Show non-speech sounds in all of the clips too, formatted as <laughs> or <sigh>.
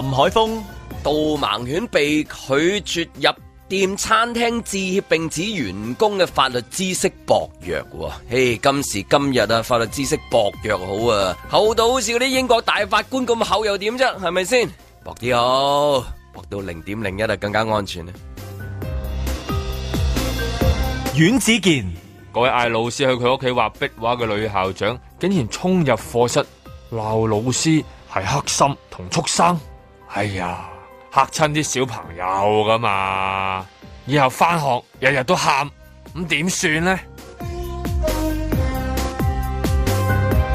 林海峰，導盲犬被拒絕入店餐廳致歉，並指員工嘅法律知識薄弱。嘿、hey，今時今日啊，法律知識薄弱好啊，厚到好似嗰啲英國大法官咁厚又點啫？係咪先？薄啲好，薄到零點零一啊，更加安全咧。阮子健，嗰位嗌老師去佢屋企畫壁畫嘅女校長，竟然衝入課室鬧老師係黑心同畜生。哎呀，嚇親啲小朋友噶嘛，以後翻學日日都喊，咁點算呢？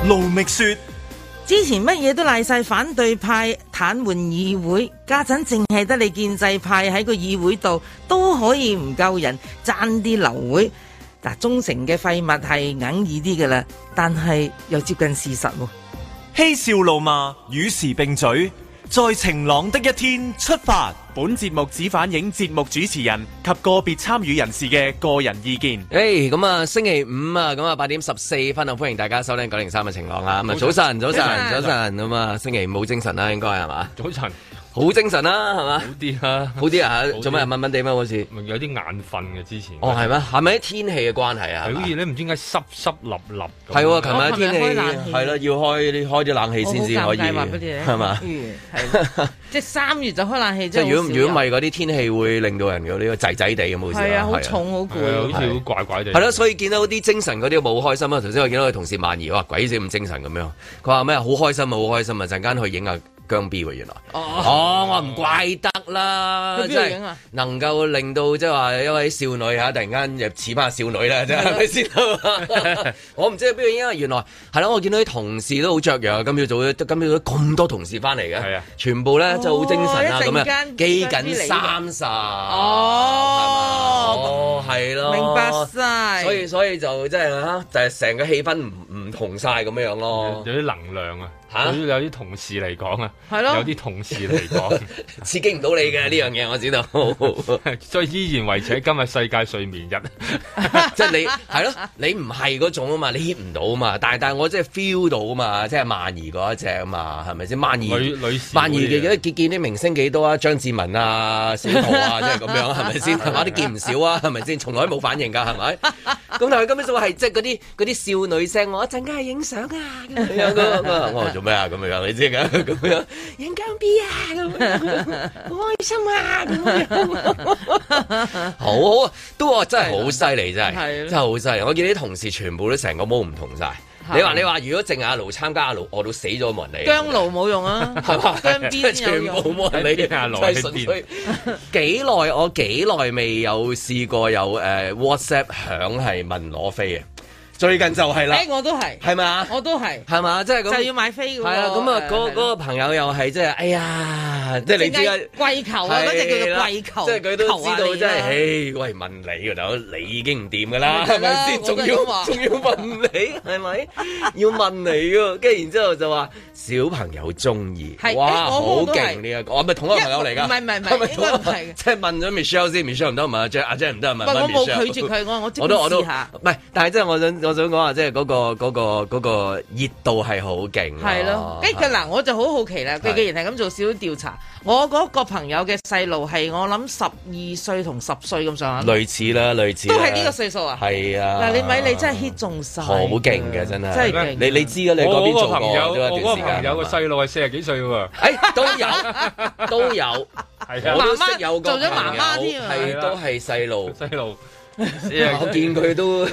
盧覓雪：「之前乜嘢都賴晒反對派，癱瘓議會，家陣淨係得你建制派喺個議會度都可以唔夠人爭啲流會，嗱忠誠嘅廢物係硬意啲噶啦，但係又接近事實咯。嬉笑怒罵，與時並嘴。在晴朗的一天出發，本節目只反映節目主持人及個別參與人士嘅個人意見。誒，咁啊，星期五啊，咁啊八點十四分啊，歡迎大家收聽九零三嘅晴朗啊。咁啊，早晨，早晨，早晨。咁啊，星期五冇精神啦，應該係嘛？早晨。好精神啦、啊，係嘛？好啲啊，好啲啊！做咩人悶悶地咩？好似有啲眼瞓嘅之前。哦，係咩？係咪啲天氣嘅關係啊？好似咧唔知點解濕濕立立咁。係喎、啊，琴日天氣係咯，要開開啲冷氣先至可以。係嘛？是是 <laughs> 即係三月就開冷氣。即係如果如果唔係嗰啲天氣會令到人呢啲仔仔地嘅冇事。係啊，啊，啊，好重好攰，好似好怪怪地。係咯、啊，所以見到啲精神嗰啲好開心啊！頭先我見到同事萬兒話鬼死咁精神咁、啊、樣，佢話咩好開心啊，好開心啊！陣間、啊、去影下。姜 B 喎，原來哦，哦我唔怪得啦，即、嗯、係能夠令到即係話一位少女嚇突然間又似翻少女咧，就係咪先？我唔知邊個，因為原來係咯，我見到啲同事都好雀躍，今朝早今朝咁多同事翻嚟嘅，係啊，全部咧、哦、就好精神啊，咁啊，幾緊三十哦，係哦，哦係咯，明白晒。所以所以就即係嚇，就係、是、成、就是、個氣氛唔唔同晒咁樣樣咯，有啲能量啊！吓！有啲同事嚟講啊，有啲同事嚟講，來 <laughs> 刺激唔到你嘅呢樣嘢，我知道。 <laughs> 所以依然維持喺今日世界睡眠日。即 <laughs> 係 <laughs> 你係咯，你唔係嗰種啊嘛，你 hit 唔到啊嘛。但係但係我真係 feel 到啊嘛，即、就、係、是、萬兒嗰一隻啊嘛，係咪先？萬兒女女，女萬兒嘅見見啲明星幾多啊？張智文啊，小桃啊，即係咁樣，係咪先？我 <laughs> 都見唔少啊，係咪先？從來冇反應噶，係咪？咁 <laughs> <laughs> 但係佢根本就係即係嗰啲啲少女聲，我一陣間去影相啊。做咩啊？咁樣你知噶？咁樣， <laughs> 人姜 B 啊？咁 <laughs> 好開心啊？咁 <laughs> 樣 <laughs> ，好啊！都啊，真係好犀利，係啊真係，真係好犀利！我見啲同事全部都成個模唔同晒。你話你話，如果淨阿盧參加阿盧，我都死咗冇嚟，姜盧冇用啊？係 <laughs> 嘛？ <laughs> 全部冇人理阿盧喺邊？幾耐？ <laughs> 我幾耐未有試過有誒、uh, WhatsApp 響係問攞飛嘅？最近就係啦、欸，我都係，係咪，我都係，係咪，即、就、係、係嗰個、就要買飛嗰、嗰個，係啦，咁啊嗰個朋友又係即係，哎呀，即、就、係、係、你知啊，跪求啊，嗰隻叫做跪求，即係佢都知道，即係，誒、哎，喂，問你嘅就，你已經唔掂嘅啦，係咪先？仲要仲要問你，係咪？ <laughs> 要問你嘅，跟住然之後就話小朋友中意，哇，好勁呢一個，我咪同一個朋友嚟噶，唔係唔係唔係即係問咗 Michelle 先，Michelle 唔得，問阿 Jack 阿 Jack 唔得，問問 Michelle，我冇拒絕佢，我我都，我都。唔係，但係真係我想。我想講啊，即係嗰個嗰個嗰個熱度係好勁。係咯，跟住嗱，我就好好奇啦。佢既然係咁做少少調查，我嗰個朋友嘅細路係我諗十二歲同十歲咁上下。類似啦，類似。都係呢個歲數啊。係啊。嗱，你咪你真係 hit 中晒。好勁嘅真係。真係。你你知啊？你嗰邊做。我個朋友個細路係四十幾歲喎。哎，都有，都有。係啊。媽媽有個朋友，係都係細路，細路。我見佢都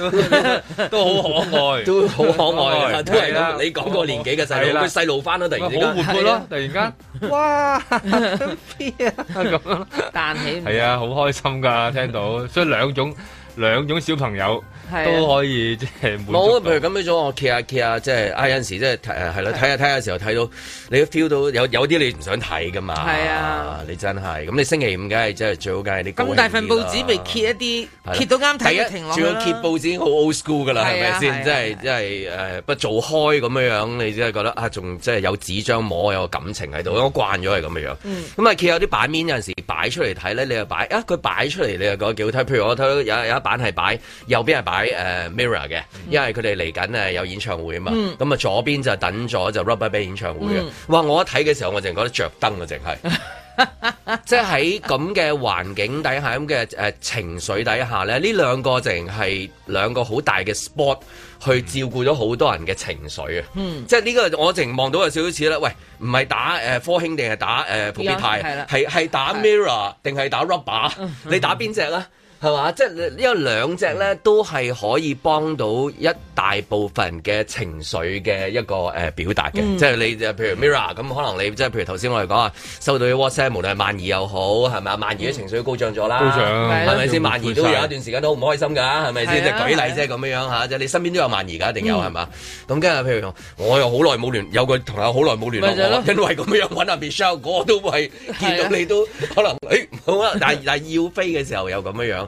都好可愛，都好可愛，都係啦，你講個年紀嘅細路，佢細路翻啦，突然間好活潑咯，突然間哇，飛啊咁樣彈起，係啊，好開心噶，聽到，所以兩種兩種小朋友。都可以即係冇。啊嗯、滿足。我譬如咁樣咗，我揭下揭下，即係、嗯嗯、啊，啊睇下睇下有陣時即係誒係啦，睇下睇下時候睇到你都 feel 到有有啲你唔想睇噶嘛。係啊，啊，你真係咁你星期五梗係即係最好，梗係啲咁大份報紙咪揭一啲，揭到啱睇一停落。仲要揭報紙、啊、已經好 old school 噶啦，係咪先？即係即係誒不做開咁樣樣，你真係覺得啊仲即係有紙張摸有個感情喺度，我慣咗係咁樣。咁啊揭有啲版面有陣時擺出嚟睇咧，你又擺啊佢擺出嚟你又覺得幾好睇。譬如我睇到有有一版係擺右邊係擺。啊喺、uh, Mirror 嘅，因為佢哋嚟緊誒有演唱會啊嘛，咁、mm. 啊左邊就等咗就 RubberBand 演唱會嘅。Mm. 哇！我一睇嘅時候，我淨係覺得着燈啊，淨係， <laughs> 即係喺咁嘅環境底下，咁嘅誒情緒底下咧，呢兩個淨係兩個好大嘅 spot 去照顧咗好多人嘅情緒啊。Mm. 即係呢個我淨望到有少少似啦。喂，唔係打誒、呃、科興定係打誒復必、呃、泰係係 <laughs> 打 Mirror 定係打 Rubber？ <laughs> 你打邊隻咧？係嘛？即係呢個兩隻咧都係可以幫到一大部分嘅情緒嘅一個誒表達嘅、嗯，即係你譬如 Mirra 咁，可能你即係譬如頭先我哋講啊，收到啲 WhatsApp 無論係萬兒又好，係咪啊？萬兒嘅情緒都高漲咗啦、高漲，係咪先？萬兒都有一段時間都好唔開心㗎，係咪先？就、啊啊、舉例啫咁、啊、樣樣嚇，即你身邊都有萬兒㗎，一定有係嘛？咁跟住譬如我又好耐冇聯有個朋友好耐冇聯絡我，因為咁樣揾下 Michelle，我都係見到你、啊、都可能誒好啊，但係但係要飛嘅時候又咁樣樣。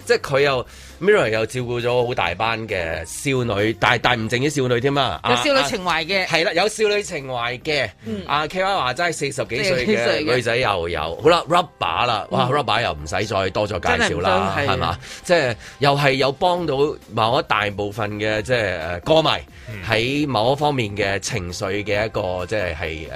即係佢又 Mirror 又照顧咗好大班嘅少女，但係但唔淨止少女添啊！有少女情懷嘅係啦，有少女情懷嘅。阿 K Y 話齋四十幾歲嘅女仔又有。好啦，Rubber 啦、嗯，哇 Rubber 又唔使再多咗介紹啦，係嘛？即係又係有幫到某一大部分嘅即係誒、呃、歌迷喺、嗯、某一方面嘅情緒嘅一個即係係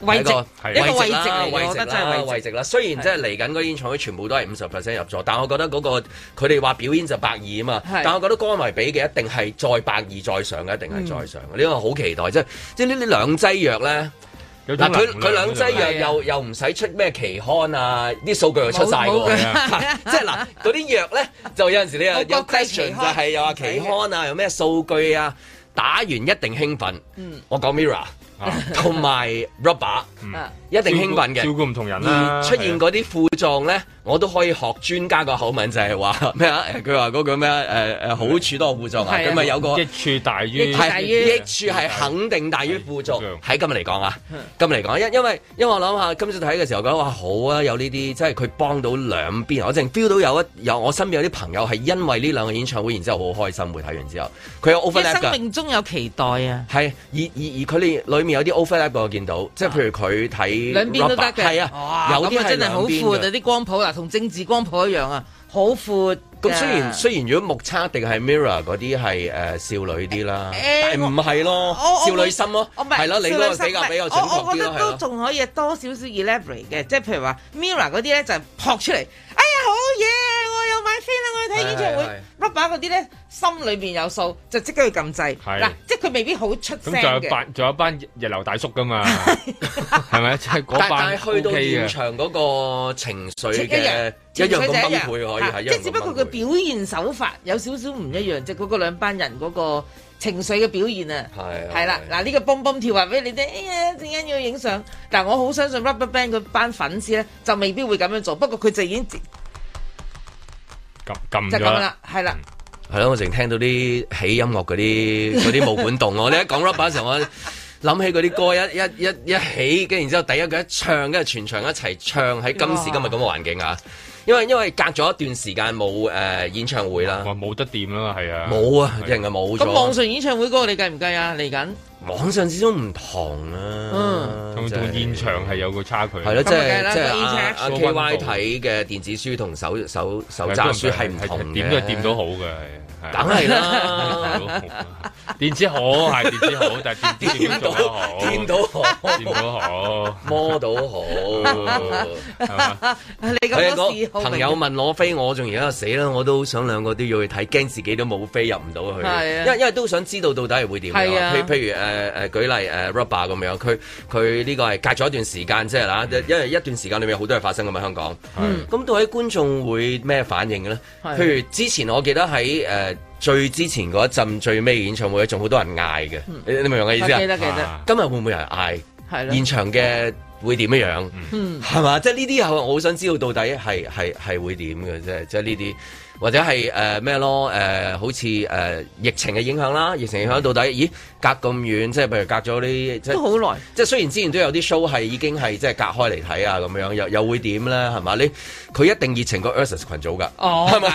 誒一個位置啦，一個位置嚟，我覺得位置啦，啦。雖然即係嚟緊嗰演唱會全部都係五十 percent 入座，但我覺得嗰、嗰個。佢哋話表演就百二啊嘛，但係我覺得歌迷畀嘅一定係再百二再上嘅，一定係再上嘅。呢個好期待，即係即係呢啲兩劑藥咧，嗱佢佢兩劑藥又又唔使出咩期刊啊，啲數據又出晒嘅，即係嗱嗰啲藥咧就有陣時啲有 question 就係又話期刊啊，有咩數據啊，打完一定興奮。嗯、我講 Mirror 同埋 Robert 一定興奮嘅，照顧唔同人、啊嗯、出現嗰啲副狀咧。我都可以學專家個口吻，就係話咩啊？佢話嗰句咩誒誒好處多輔助啊！咁啊有個益處大於大於益處係肯定大於輔助。喺今日嚟講啊，今日嚟講，因因為因為我諗下今次睇嘅時候，覺得哇好啊，有呢啲即係佢幫到兩邊。我淨 feel 到有一有，有我身邊有啲朋友係因為呢兩個演唱會，然之後好開心。會睇完之後，佢有 overlap 生命中有期待啊！係、啊、而而佢哋裡面有啲 overlap 我見到即係、啊、譬如佢睇兩邊都得嘅，係啊，哇哇有啲係兩邊嘅啲光譜、啊同政治光譜一樣啊，好闊。咁雖然雖然如果目測定係 Mirror 嗰啲係誒少女啲啦、欸欸，但係唔係咯，少女心咯，係咯，你嗰個比較比較成熟啲咯，我我覺得都仲可以多少少 elevate 嘅，即係譬如話 Mirror 嗰啲咧就是、撲出嚟，哎呀好嘢。我買飛啦！我去睇演唱會，Rubber 嗰啲咧，心裏邊有數，就即刻去撳掣。嗱，即係佢未必好出聲仲、嗯、有班，仲有班日流大叔噶嘛？係 <laughs> 咪、就係 <laughs> okay？但係去到現場嗰個情緒嘅一樣咁崩潰，可以即係只不過佢表現手法有少少唔一樣，即係嗰個兩班人嗰個情緒嘅表現啊。係、嗯、係、okay、啦，嗱、這、呢個蹦蹦跳啊，俾你哋。哎呀，陣間要影相。但係我好相信 Rubber Band 嗰班粉絲咧，就未必會咁樣做。不過佢就已經。咁咗，即係咁啦，係、就、啦、是，係咯、嗯，我淨聽到啲起音樂嗰啲嗰啲冇管動、啊、 <laughs> 我哋一講 rubber 嘅時候，我諗起嗰啲歌一一一一起，跟住然之後第一句一唱，跟住全場一齊唱喺今時今日咁嘅環境啊。因為因為隔咗一段時間冇誒演唱會啦，冇得掂啦，係啊，冇啊,啊,啊，人係冇咗咁網上演唱會嗰個你計唔計啊？嚟緊網上始終唔同啊，同、啊就是、現場係有個差距的。係咯、啊，即係即係阿 K Y 睇嘅電子書,手手手手書同手手手札書係唔同嘅，點、嗯、都掂到好嘅。梗係啦， <laughs> 電子好係電子好，但係電子都做得好，電到好，電到好， <laughs> 摸到好。 <laughs> 你講朋友問攞飛，我仲而家死啦！我都想兩個都要去睇，驚自己都冇飛入唔到去、啊因。因為都想知道到底係會點、啊、譬如誒、呃、舉例誒、呃、Rubber 咁樣，佢佢呢個係隔咗一段時間，即係啦、嗯，因為一段時間裏面好多嘢發生咁喺香港。咁到底觀眾會咩反應咧、啊？譬如之前我記得喺最之前嗰一陣最尾演唱會仲好多人嗌嘅，你、嗯、明唔明我意思啊？記得記得，啊、今日會唔會有人嗌？係咯，現場嘅會點樣？嗯，係、嗯、嘛？即係呢啲又我好想知道到底係係係會點嘅啫？即係呢啲。或者係誒咩咯？誒、呃、好似誒、呃、疫情嘅影響啦，疫情影響到底？咦，隔咁遠，即係譬如隔咗啲，都好耐。即係雖然之前都有啲 show 係已經係即係隔開嚟睇啊，咁樣又又會點咧？係嘛？你佢一定熱情過 US 群組㗎，係、oh, 咪？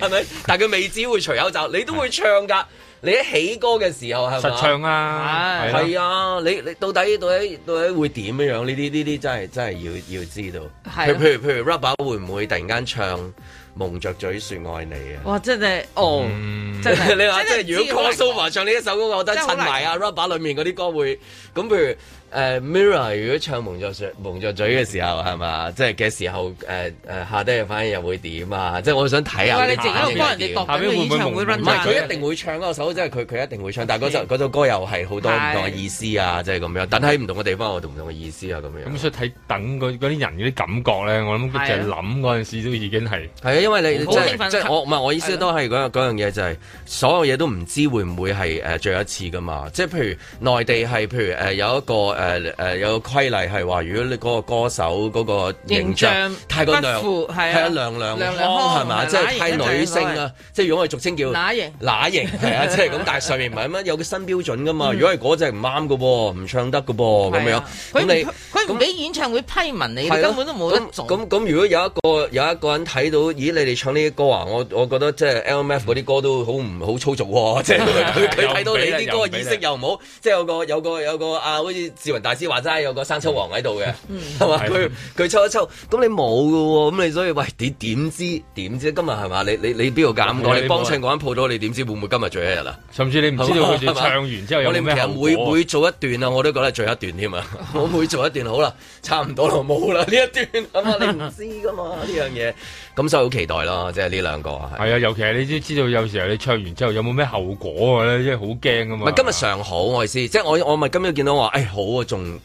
係咪？但佢未知會除口罩，你都會唱㗎。你喺起歌嘅時候係咪？實唱啊！係啊！你你到底到底到底會點嘅樣呢？呢啲呢啲真係真係要要知道。譬如譬如譬如 Rubber 會唔會突然間唱？蒙着嘴説愛你啊！哇！真係哦，嗯、真係 <laughs> 你話即係如果 Call Sova 唱呢一首歌，我覺得襯埋阿 Rubber 裏面嗰啲歌會咁譬如。誒、uh, Mirror，如果唱蒙著嘴、蒙著嘴嘅時候係嘛，即係嘅時候誒誒、呃、下低又反而又會點啊？即係我想睇下下邊會唔會蒙混混？唔係佢一定會唱嗰首，即係佢佢一定會唱，但係嗰首首歌又係好多唔同嘅意思啊！即係咁樣，等喺唔同嘅地方，我同唔同嘅意思啊，咁樣。咁所以睇等嗰啲人嗰啲感覺咧，我諗就係諗嗰陣時都已經係係啊，因為你、就是、即係即係我唔係我意思都係嗰嗰樣嘢就係、是、所有嘢都唔知會唔會係、呃、最後一次㗎嘛？即係譬如內地係譬如誒、呃、有一個。誒、呃、誒、呃、有個規例係話，如果你嗰個歌手嗰個形象太過娘，係啊娘娘嘛，即係、就是、太女性、呃呃呃呃呃、啊，即係如果我哋俗稱叫乸型，乸型係啊，即係咁。但係上面唔係乜有個新標準噶嘛、嗯？如果係嗰隻唔啱嘅噃，唔唱得嘅噃咁樣。咁、啊、你佢唔俾演唱會批文你，你、啊、根本都冇得做。咁咁，如果有一個有一個人睇到，咦？你哋唱呢啲歌啊，我我覺得即係 L M F 嗰啲歌都好唔好粗俗、啊，即係佢睇到你啲歌嘅意，啊、你你你意識又唔好，即係有個有個有個，有個啊，好似。大師話齋有個生抽王喺度嘅，係、嗯、嘛？佢佢、嗯、抽一抽，咁你冇㗎喎，咁你所以喂點點知點知今日係嘛？你你你邊度敢講？你幫襯嗰間鋪頭，你點知會唔會今日最後一日啊？甚至你唔知道佢唱完之後有咩嘢？我其實每每做一段啊，我都覺得最後一段添啊！ <laughs> 我每做一段好啦，差唔多啦，冇啦呢一段係嘛？你唔知噶嘛呢樣嘢。咁所以好期待咯，即係呢兩個係啊，尤其係你都知道有時候你唱完之後有冇咩後果咧，即係好驚噶嘛。今日常好我意思，即係我我咪今日見到我話誒、哎、好啊，仲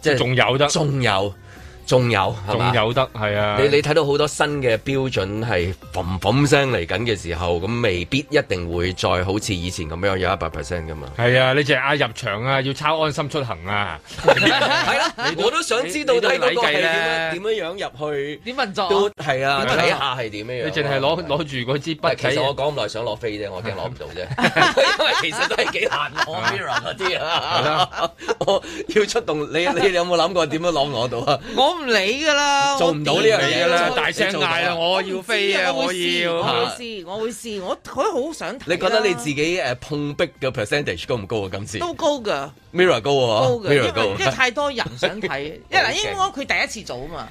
即係仲有得仲有。仲有，仲有得，係啊！你你睇到好多新嘅標準係嘭嘭聲嚟緊嘅時候，咁未必一定會再好似以前咁樣有一百 percent 㗎嘛？係啊！你淨係嗌入場啊，要抄安心出行啊，係 <laughs> 啦、啊啊！我都想知道睇嗰個係點樣入去，點運作都係啊，睇、啊啊啊、下係點樣。你淨係攞攞住嗰支筆，其實我講唔耐想攞飛啫，我驚攞唔到啫， <laughs> <laughs> 因為其實都係幾難攞飛啊嗰啲啊！ <laughs> <laughs> 我要出動你，你，你有冇諗過點樣攞唔攞到啊？ <laughs> 我唔理噶啦，做唔到呢樣嘢啦，大聲嗌啦！我要飛啊，我，我要我會試我會試。我佢好想睇、啊。你覺得你自己誒碰壁嘅 percentage 高唔高？、啊、高，高啊？今次都高噶 Mira 高啊，Mira 高，因為太多人想睇，因為嗱，因為佢第一次做啊嘛。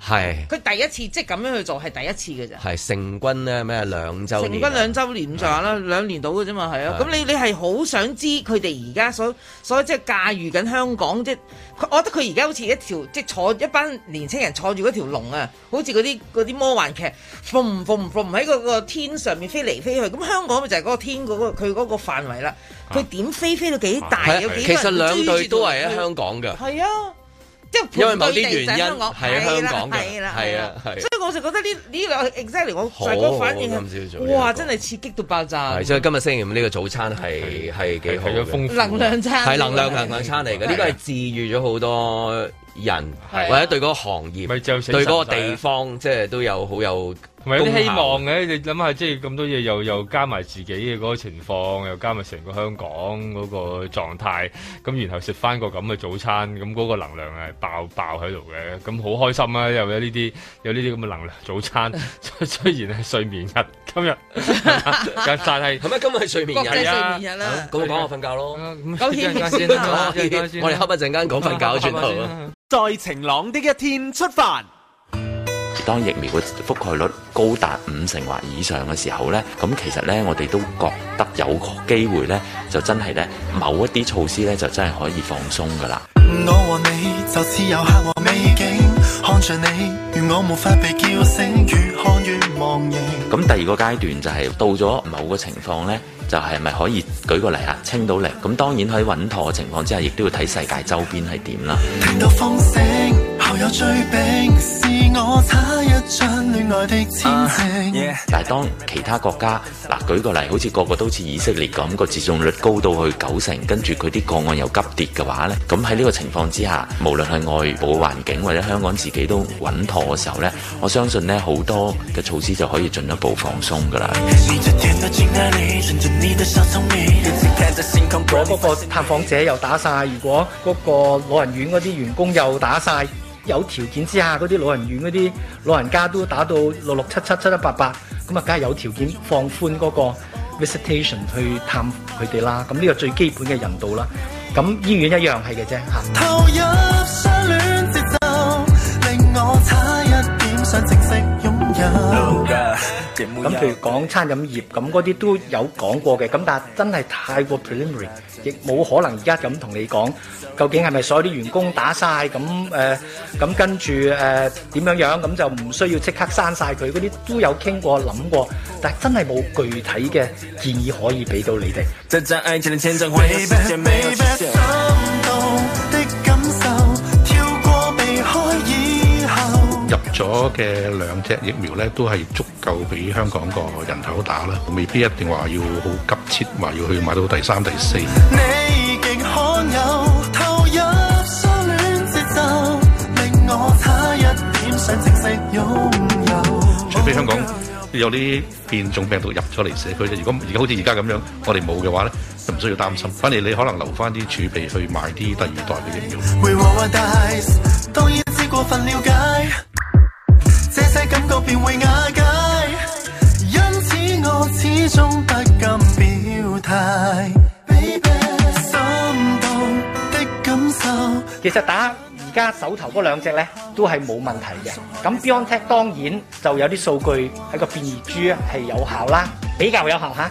係，佢第一次即係咁樣去做係第一次嘅啫。係成軍咧咩？兩周年，成軍兩周年上下啦，兩年到嘅啫嘛，係啊。咁、啊、你你係好想知佢哋而家所所即係駕馭緊香港即係，我覺得佢而家好似一條即係坐一班年青人坐住嗰條龍啊，好似嗰啲嗰啲魔幻劇，飛唔飛唔飛唔喺個天上面飛嚟飛去。咁香港咪就係嗰個天嗰個佢嗰個範圍啦。佢、啊、點飛飛、啊、到幾大有幾？其實兩隊都係喺香港嘅。係啊。即因為某啲原因，我係啊香港嘅，係啊所以我就覺得呢呢兩 exactly 我最高反應係哇真係刺激到爆炸，所以今日星期五呢個早餐係係幾好，能量餐係能量能量餐嚟嘅，呢個係治愈咗好多人，或者對嗰個行業、對嗰個地方，即係都有好有。同有啲希望嘅，你諗下，即係咁多嘢又又加埋自己嘅嗰個情況，又加埋成個，個香港嗰個狀態，咁然後食翻個咁嘅早餐，咁嗰個能量係爆爆喺度嘅，咁好開心啊！又有呢啲有呢啲咁嘅能量早餐， <laughs> 雖然係睡眠日，今日， <laughs> <laughs> 但係係咩？係係今日係睡眠日啊！咁、啊啊那個、我講我瞓覺咯。先、啊、 <laughs> 算 <laughs> 算 <laughs> 我哋後半陣間講瞓覺轉頭啦。晴、啊、朗一的一天出發。當疫苗嘅覆蓋率高達五成或以上嘅時候呢，咁其實呢，我哋都覺得有機會呢，就真係呢某一啲措施呢，就真係可以放鬆噶啦。我和你就似遊客和美景，看着你，如我無法被叫醒，越看越忘形。咁第二個階段就係到咗某個情況呢，就係咪可以舉個例啊？清到例，咁當然喺穩妥嘅情況之下，亦都要睇世界周邊係點啦。聽到風聲。啊！是我一愛的 uh, yeah. 但係當其他國家嗱舉個例，好似個個都似以色列咁，個接種率高到去九成，跟住佢啲個案又急跌嘅話呢，咁喺呢個情況之下，無論係外部環境或者香港自己都穩妥嘅時候呢，我相信呢好多嘅措施就可以進一步放鬆㗎啦。如果嗰個探訪者又打晒，如果嗰個老人院嗰啲員工又打晒。有條件之下，嗰啲老人院嗰啲老人家都打到六六七七七七八八，咁啊，梗係有條件放寬嗰個 visitation 去探佢哋啦。咁呢個最基本嘅人道啦。咁醫院一樣係嘅啫。咁譬如講餐飲業咁嗰啲都有講過嘅，咁但係真係太過 preliminary，亦冇可能而家咁同你講究竟係咪所有啲員工打晒咁誒，咁跟住誒點樣樣咁就唔需要即刻刪晒佢，嗰啲都有傾過諗過，但係真係冇具體嘅建議可以俾到你哋。入咗嘅兩隻疫苗咧，都係足夠俾香港個人口打啦。未必一定話要好急切，話要去買到第三、第四。除非香港有啲變種病毒入咗嚟社區啫。如果而家好似而家咁樣，我哋冇嘅話咧，就唔需要擔心。反而你可能留翻啲儲備去買啲第二代嘅疫苗。其實打而家手頭嗰兩隻咧，都係冇問題嘅。咁 Biontech 當然就有啲數據喺個變異株係有效啦，比較有效吓。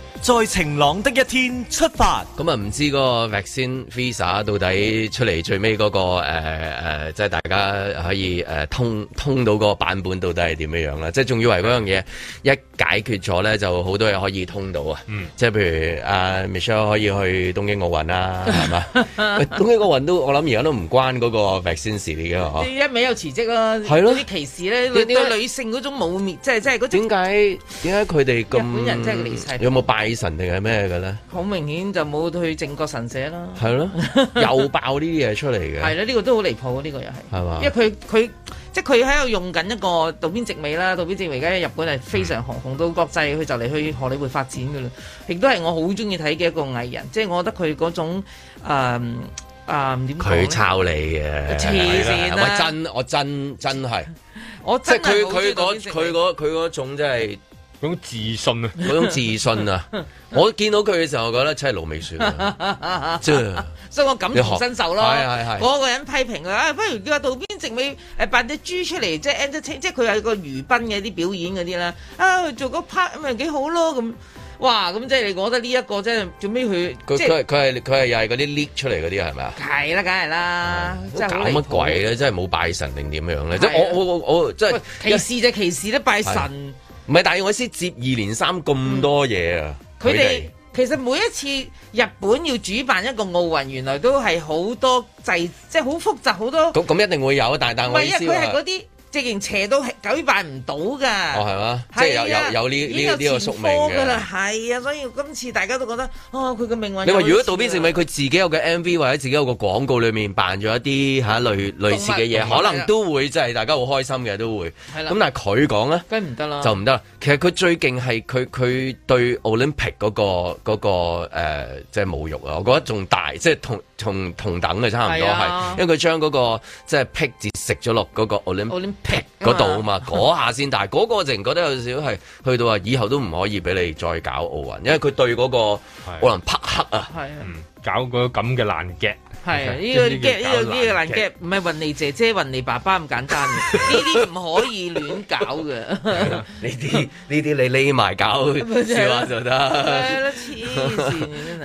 在晴朗的一天出發，咁啊，唔知個 vaccine visa 到底出嚟最尾嗰誒誒即係大家可以誒、呃、通通到個版本，到底係點樣樣啦？即係仲以為嗰樣嘢一解決咗咧，就好多嘢可以通到啊、嗯！即係譬如誒、呃、Michelle 可以去東京奧運啦，係、嗯、嘛？是是 <laughs> 東京奧運都我諗而家都唔關嗰 vaccine 事嘅嗬。 <laughs> 一味又辭職啦，啲、啊、歧視咧，對女性嗰種污蔑，即係即係嗰點解點解佢哋咁日本人即係有冇拜神定係咩嘅咧？好明顯就冇去靖國神社啦，係咯，又爆呢啲嘢出嚟嘅，係啦，呢個都好離譜，呢個又係，係嘛？因為佢佢即係佢喺度用緊一個渡邊直美啦，渡邊直美而家日本係非常紅紅到國際，佢 <laughs> 就嚟去荷里活發展噶啦，亦都係我好中意睇嘅一個藝人，即係我覺得佢嗰種誒誒點講咧？佢抄你嘅黐線我真，真係 <laughs> 我真真係我即佢佢嗰佢佢種真係。嗰種自信啊，嗰種自信啊， <laughs> 我見到佢嘅時候，我覺得真係老味算，即係，所以我感同身受咯。嗰你學、那個人批評佢，啊、哎，不如叫杜個路邊直尾誒扮隻豬出嚟，即係 entertain 即係佢係個娛賓嘅啲表演嗰啲啦。啊，做個 part 咪幾好咯咁。哇，咁即係你覺得呢、這、一個即係做咩？佢，佢佢佢係佢係又係嗰啲 lift 出嚟嗰啲係咪啊？係啦，梗係啦，即係搞乜鬼咧，真係冇拜神定點樣咧？是啊、即係我我我即係歧視就歧視啦，拜神。唔係，但係我先接二連三咁多嘢啊！佢哋其實每一次日本要主辦一個奧運，原來都係好多制，即係好複雜好多。咁咁一定會有，啊，但係但係我唔係啊！佢係嗰啲。即型邪都舉辦唔到噶，哦係嘛，即係有是、啊、有有呢呢呢個宿命嘅，係啊，所以今次大家都覺得哦，佢嘅命運，你話如果渡邊直美佢自己有個 MV 或者自己有個廣告裏面扮咗一啲嚇、啊、類類似嘅嘢，可能都會即係大家好開心嘅，都會，係啦。咁但係佢講咧，梗唔得啦，就唔得啦。其實佢最勁係佢佢對 Olympic 嗰、那個嗰、那個即係、呃就是、侮辱啊！我覺得仲大，即、就、係、是、同。同同等嘅差唔多，係、啊那個啊， <laughs> 因為佢將嗰個即係辟節食咗落嗰個奧林匹克嗰度啊嘛，嗰下先係嗰個我直覺得有少少係去到話，以後都唔可以俾你再搞奧運，因為佢對嗰個奧林匹克啊。是的是的嗯搞嗰個咁嘅爛 gag，係呢、這個是是、這個、夾呢、這個呢、這個爛 gag，唔係雲尼姐姐、雲尼爸爸咁簡單呢啲唔可以亂搞嘅。呢啲呢啲你匿埋搞笑話就得，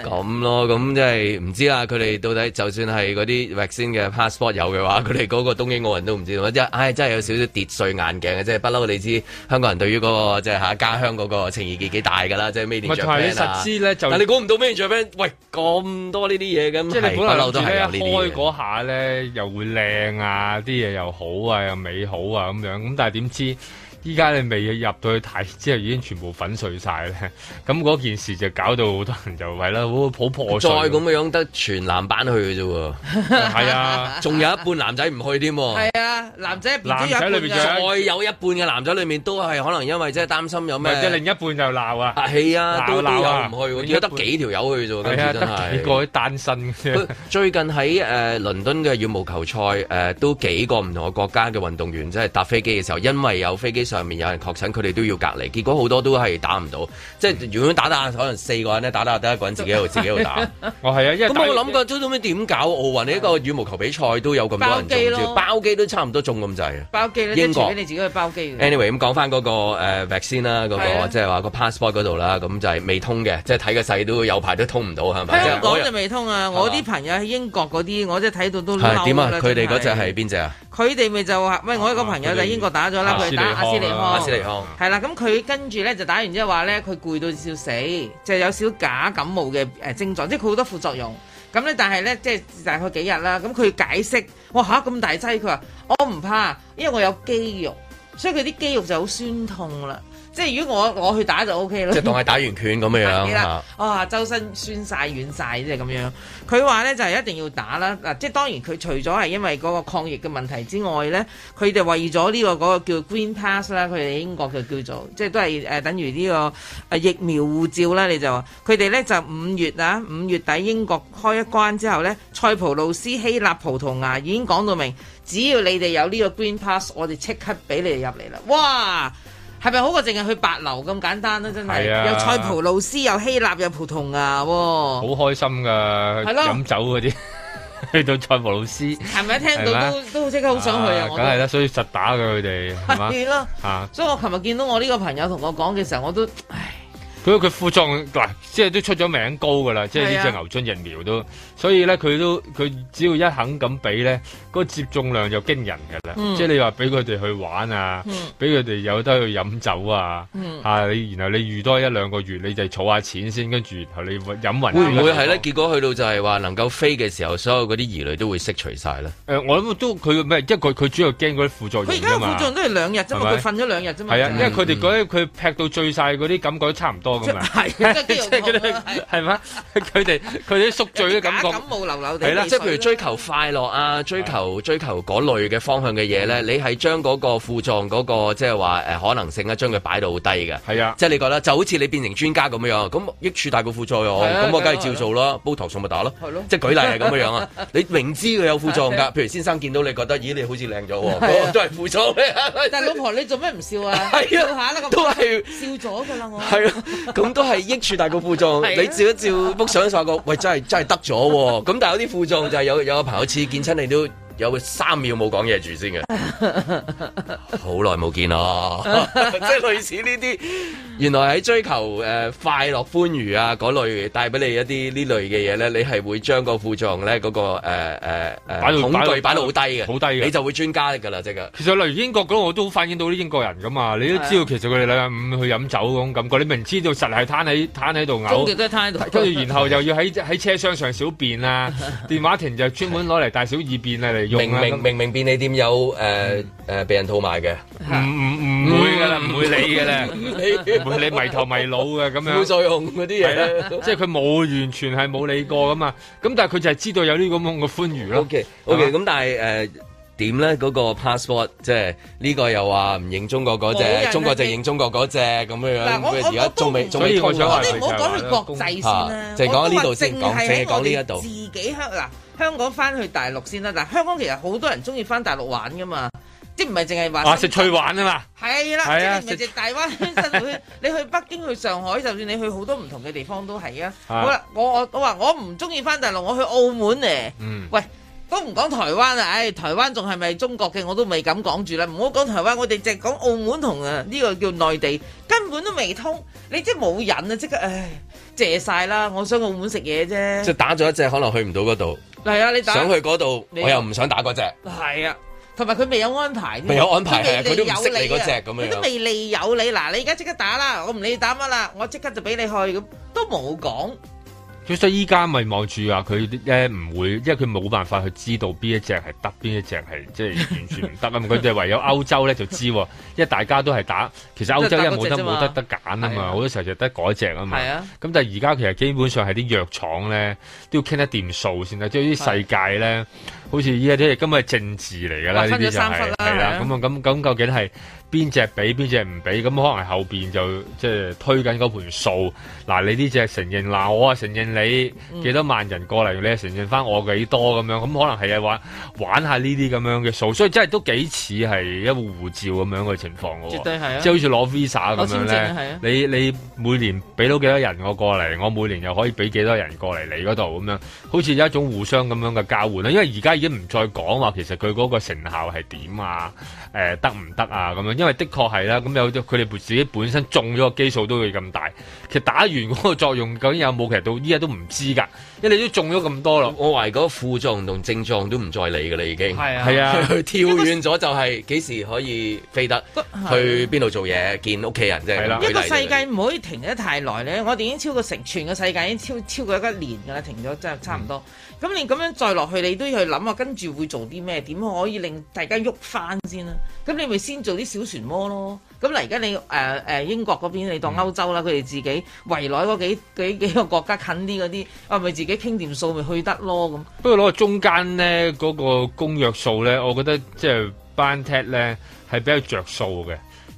咁 <laughs> 咯，咁即係唔知啊！佢哋到底就算係嗰啲 vaccine 嘅 passport 有嘅話，佢哋嗰個東京奧運都唔知道。真、哎、係，真係有少少跌碎眼鏡嘅，即係不嬲你知香港人對於嗰、那個即係吓家鄉嗰個情意幾幾大㗎啦，即係咩、啊？你實知咧就，但你估唔到咩着咩？喂，咁。多呢啲嘢咁，即係你本來留喺開嗰下咧，又會靚啊，啲嘢又好啊，又美好啊咁樣。咁但係點知？依家你未入到去睇之後，已經全部粉碎晒咧。咁嗰件事就搞到好多人就為啦，好破！再咁嘅樣得全男班去嘅啫，係 <laughs> 啊，仲、啊、有一半男仔唔去添。係啊，男仔仔裏面再有一半嘅男仔裏面，面都係可能因為即係擔心有咩，即係另一半就鬧啊，鬧啊，有唔去，有得幾條友去啫喎，係啊，得、啊啊幾、啊、幾個單身。佢最近喺誒、呃、倫敦嘅羽毛球賽誒、呃，都幾個唔同嘅國家嘅運動員，即係搭飛機嘅時候，因為有飛機上上面有人確診，佢哋都要隔離。結果好多都係打唔到，嗯、即係如果打打可能四個人咧打打得一個人自己喺度 <laughs> 自己喺度打。 <laughs> 哦，係啊，因為咁我諗個都做咩點搞奧運？呢、啊呢個羽毛球比賽都有咁多人中招，包機都差唔多中咁滯包機咧，英國你自己去包機嘅 Anyway，咁講翻嗰個誒疫苗啦，嗰、呃嗰個即係話個 passport 嗰度啦，咁就係未通嘅，即係睇個勢都有排都通唔到係咪？香港就未通啊！我啲朋友喺英國嗰啲、啊，我即係睇到都係點啊！佢哋嗰隻係邊隻啊？就是他們那佢哋咪就話，喂，我一個朋友就英國打咗啦，佢、啊、打阿斯利康，係、啊、啦，咁、啊、佢、啊啊啊啊、跟住咧就打完之後話咧，佢攰到笑死，即、就、係、是、有少假感冒嘅症狀，即係佢好多副作用。咁咧，但係咧，即係大概幾日啦？咁佢解釋、啊，我嚇咁大劑，佢話我唔怕，因為我有肌肉，所以佢啲肌肉就好酸痛啦。即係如果我我去打就 O K 啦，即係當係打完拳咁樣嚇，哇、 <laughs> 啊、周身酸晒、軟晒、即係咁樣。佢話咧就係、一定要打啦嗱，即係當然佢除咗係因為嗰個抗疫嘅問題之外咧，佢哋為咗呢個嗰個叫 Green Pass 啦，佢哋英國就叫做即係都係、呃、等於呢、呢個、呃、疫苗護照啦，你就話佢哋咧就五月啊，五月底英國開一關之後咧，塞浦路斯、希臘、葡萄牙已經講到明，只要你哋有呢個 Green Pass，我哋即刻俾你哋入嚟啦，哇！係咪好過淨係去八樓咁簡單啦，啊、真係、啊，有塞浦路斯，有希臘，有葡萄牙，好開心噶，飲、啊、酒嗰啲， <laughs> 去到塞浦路斯，係咪聽到都都即刻好想去啊？啊我梗係啦，所以實打噶佢哋，係嘛，囉，啊啊！所以我琴日見到我呢個朋友同我講嘅時候，我都，唉。佢副作用嗱、啊，即係都出咗名高噶啦，即係呢隻牛津疫苗都，啊、所以咧佢都佢只要一肯咁俾咧，嗰、那個、接種量就驚人噶啦。嗯、即係你話俾佢哋去玩啊，俾佢哋有得去飲酒啊，吓、嗯啊、你，然後你預多一兩個月你就儲下錢先，跟住後你飲混。會唔會係咧？結果去到就係話能夠飛嘅時候，所有嗰啲疑慮都會釋除晒咧。誒、呃，我諗都佢咩？因為佢佢主要驚嗰啲副作用。佢而家副作用都係兩日啫嘛，佢瞓咗兩日啫嘛。係啊，嗯、因為佢哋嗰佢劈到醉晒嗰啲感覺都差唔多。係嘅，即係佢哋係嘛，佢哋佢啲宿醉嘅感覺。感冒流流地。即係譬如追求快樂啊，追求追求嗰類嘅方向嘅嘢咧，你係將嗰個副作用嗰個即係話誒可能性咧，將佢擺到好低嘅。係啊，即係你覺得就好似你變成專家咁樣咁益處大過副作用。咁我梗係照做啦，煲頭送咪打咯。即係舉例係咁樣樣啊。 <laughs> 你明知佢有副作用噶，譬如先生見到你覺得，咦，你好似靚咗，都係副作用。但係老婆你做咩唔笑啊？係都係笑咗噶啦，我係啊。咁都係益處大過副作用，你照一照幅相曬個，喂，真係真係得咗喎！咁但係有啲副作用就係有有個朋友，次見親你都。有會三秒冇講嘢住先嘅，好耐冇見咯 <laughs> <laughs> 即係類似呢啲。原來喺追求快樂、歡愉啊嗰類，帶俾你一啲呢類嘅嘢咧，你係會將個負重咧嗰個誒誒誒恐懼擺到好低嘅，好低嘅，你就會專家㗎啦，即㗎。其實例如英國嗰我都反映到啲英國人㗎嘛，你都知道其實佢哋禮拜五去飲酒嗰種感覺，你明知道實係攤喺攤喺度嘔，喺度。跟住然後又要喺喺車廂上小便啊，電話亭就專門攞嚟大小二便啊你啊、明明明明便利店有誒誒避孕套賣嘅，唔唔唔會噶啦，唔會理噶啦，唔 <laughs> 你迷頭迷腦嘅咁樣會再用嗰啲嘢咧，即係佢冇完全係冇理過噶嘛，咁但係佢就係知道有啲咁嘅歡愉咯。OK OK，咁但係誒點咧？嗰、呃嗰個 passport 即係呢個又話唔認中國嗰隻，中國就認中國嗰隻咁樣。嗱，我我所以我想話，說你唔好講佢國際先啦，啊啊，我話淨係講呢一度自己㗎嗱。啊啊。香港翻去大陸先啦，嗱，香港其實好多人中意翻大陸玩噶嘛，即係唔係淨係話食趣玩啊嘛，係啦，即係唔係大灣你去北京 <laughs> 去上海，就算你去好多唔同嘅地方都係啊。好啦，我我我話我唔中意翻大陸，我去澳門咧、啊嗯。喂，講唔講台灣啊？唉、哎，台灣仲係咪中國嘅？我都未敢講住啦。唔好講台灣，我哋淨係講澳門同啊呢個叫內地，根本都未通。你即冇癮啊，即刻唉謝晒啦！我想澳門食嘢啫。即打咗一隻，可能去唔到嗰度。係啊，你打想去嗰度，我又唔想打嗰隻。係啊，同埋佢未有安排，未有安排係啊，佢、啊、都唔識你嗰隻咁樣，佢都未利有你。嗱，你而家即刻打啦，我唔理你打乜啦，我即刻就俾你去咁，都冇講。所以依家咪望住話，佢咧唔會，因為佢冇辦法去知道邊一隻係得，邊一隻係即係完全唔得啊！佢 <laughs> 哋唯有歐洲咧就知，因為大家都係打，其實歐洲因為冇得冇得得揀啊嘛，好多時候就得嗰一隻啊嘛。咁、啊、但係而家其實基本上係啲藥廠咧都要傾得掂數先啦，即係啲世界咧。好似依家啲今日政治嚟噶啦，呢啲就係，係啦。咁啊，咁咁究竟係邊隻俾邊隻唔俾？咁可能後邊就即係推緊嗰盤數。嗱，你呢隻承認嗱，我啊承認你幾多萬人過嚟，你承認翻我幾多咁樣，咁可能係啊玩玩下呢啲咁樣嘅數。所以真係都幾似係一個護照咁樣嘅情況，㗎。絕對係啊！即係好似攞 visa 咁樣咧。你你每年俾到幾多人我過嚟，我每年又可以俾幾多人過嚟你嗰度咁樣，好似有一種互相咁樣嘅交換啦，因為而家。已經唔再講話，其實佢嗰個成效係點啊？誒、呃，得唔得啊？咁樣，因為的確係啦，咁有佢哋自己本身中咗個基數都會咁大，其實打完嗰個作用究竟有冇其實到依家都唔知噶，因為你都中咗咁多啦，嗯。我懷疑嗰個副作用同症狀都唔再理噶啦，已經係啊，係啊，去跳遠咗就係幾時可以飛得去邊度做嘢見屋企人啫。係啦，啊，一個世界唔可以停得太耐咧。我哋已經超過成全個世界，已經超超過一個年噶啦，停咗真係差唔多。嗯咁你咁樣再落去，你都要去諗下，跟住會做啲咩？點可以令大家喐翻先啦？咁你咪先做啲小漩渦咯。咁嗱，而家你誒誒英國嗰邊，你當歐洲啦，佢哋自己圍內嗰幾幾幾個國家近啲嗰啲，啊，咪自己傾掂數咪去得咯咁。不過攞個中間咧嗰個公約數咧，我覺得即係班踢咧係比較著數嘅。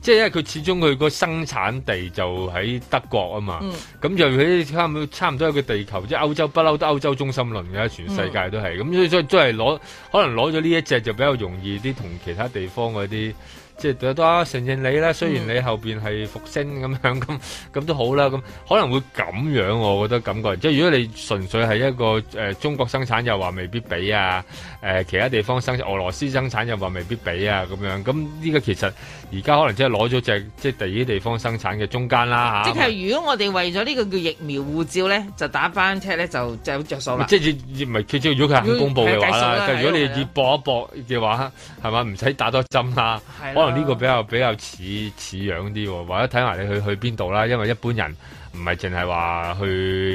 即係因為佢始終佢個生產地就喺德國啊嘛，咁就佢差唔多差唔多一個地球，即係歐洲不嬲都歐洲中心論嘅，全世界都係，咁、嗯、所，所以都都係攞可能攞咗呢一隻就比較容易啲，同其他地方嗰啲。即係都承認你啦，雖然你後面係復星咁、嗯、樣咁咁都好啦，咁可能會咁樣我覺得感覺。即係如果你純粹係一個誒、呃、中國生產又話未必俾啊，誒、呃、其他地方生產俄羅斯生產又話未必俾啊咁樣。咁呢個其實而家可能即係攞咗隻即係第二啲地方生產嘅中間啦，即係如果我哋為咗呢個叫疫苗護照咧，就打翻車咧，就就著數啦。即係唔要？如果佢肯公布嘅話、啊、如果你要搏一搏嘅話，係嘛？唔使打多針啊，可能。呢、哦，這個比較比較似似樣啲喎、哦，或者睇埋你去去邊度啦，因為一般人唔係淨係話去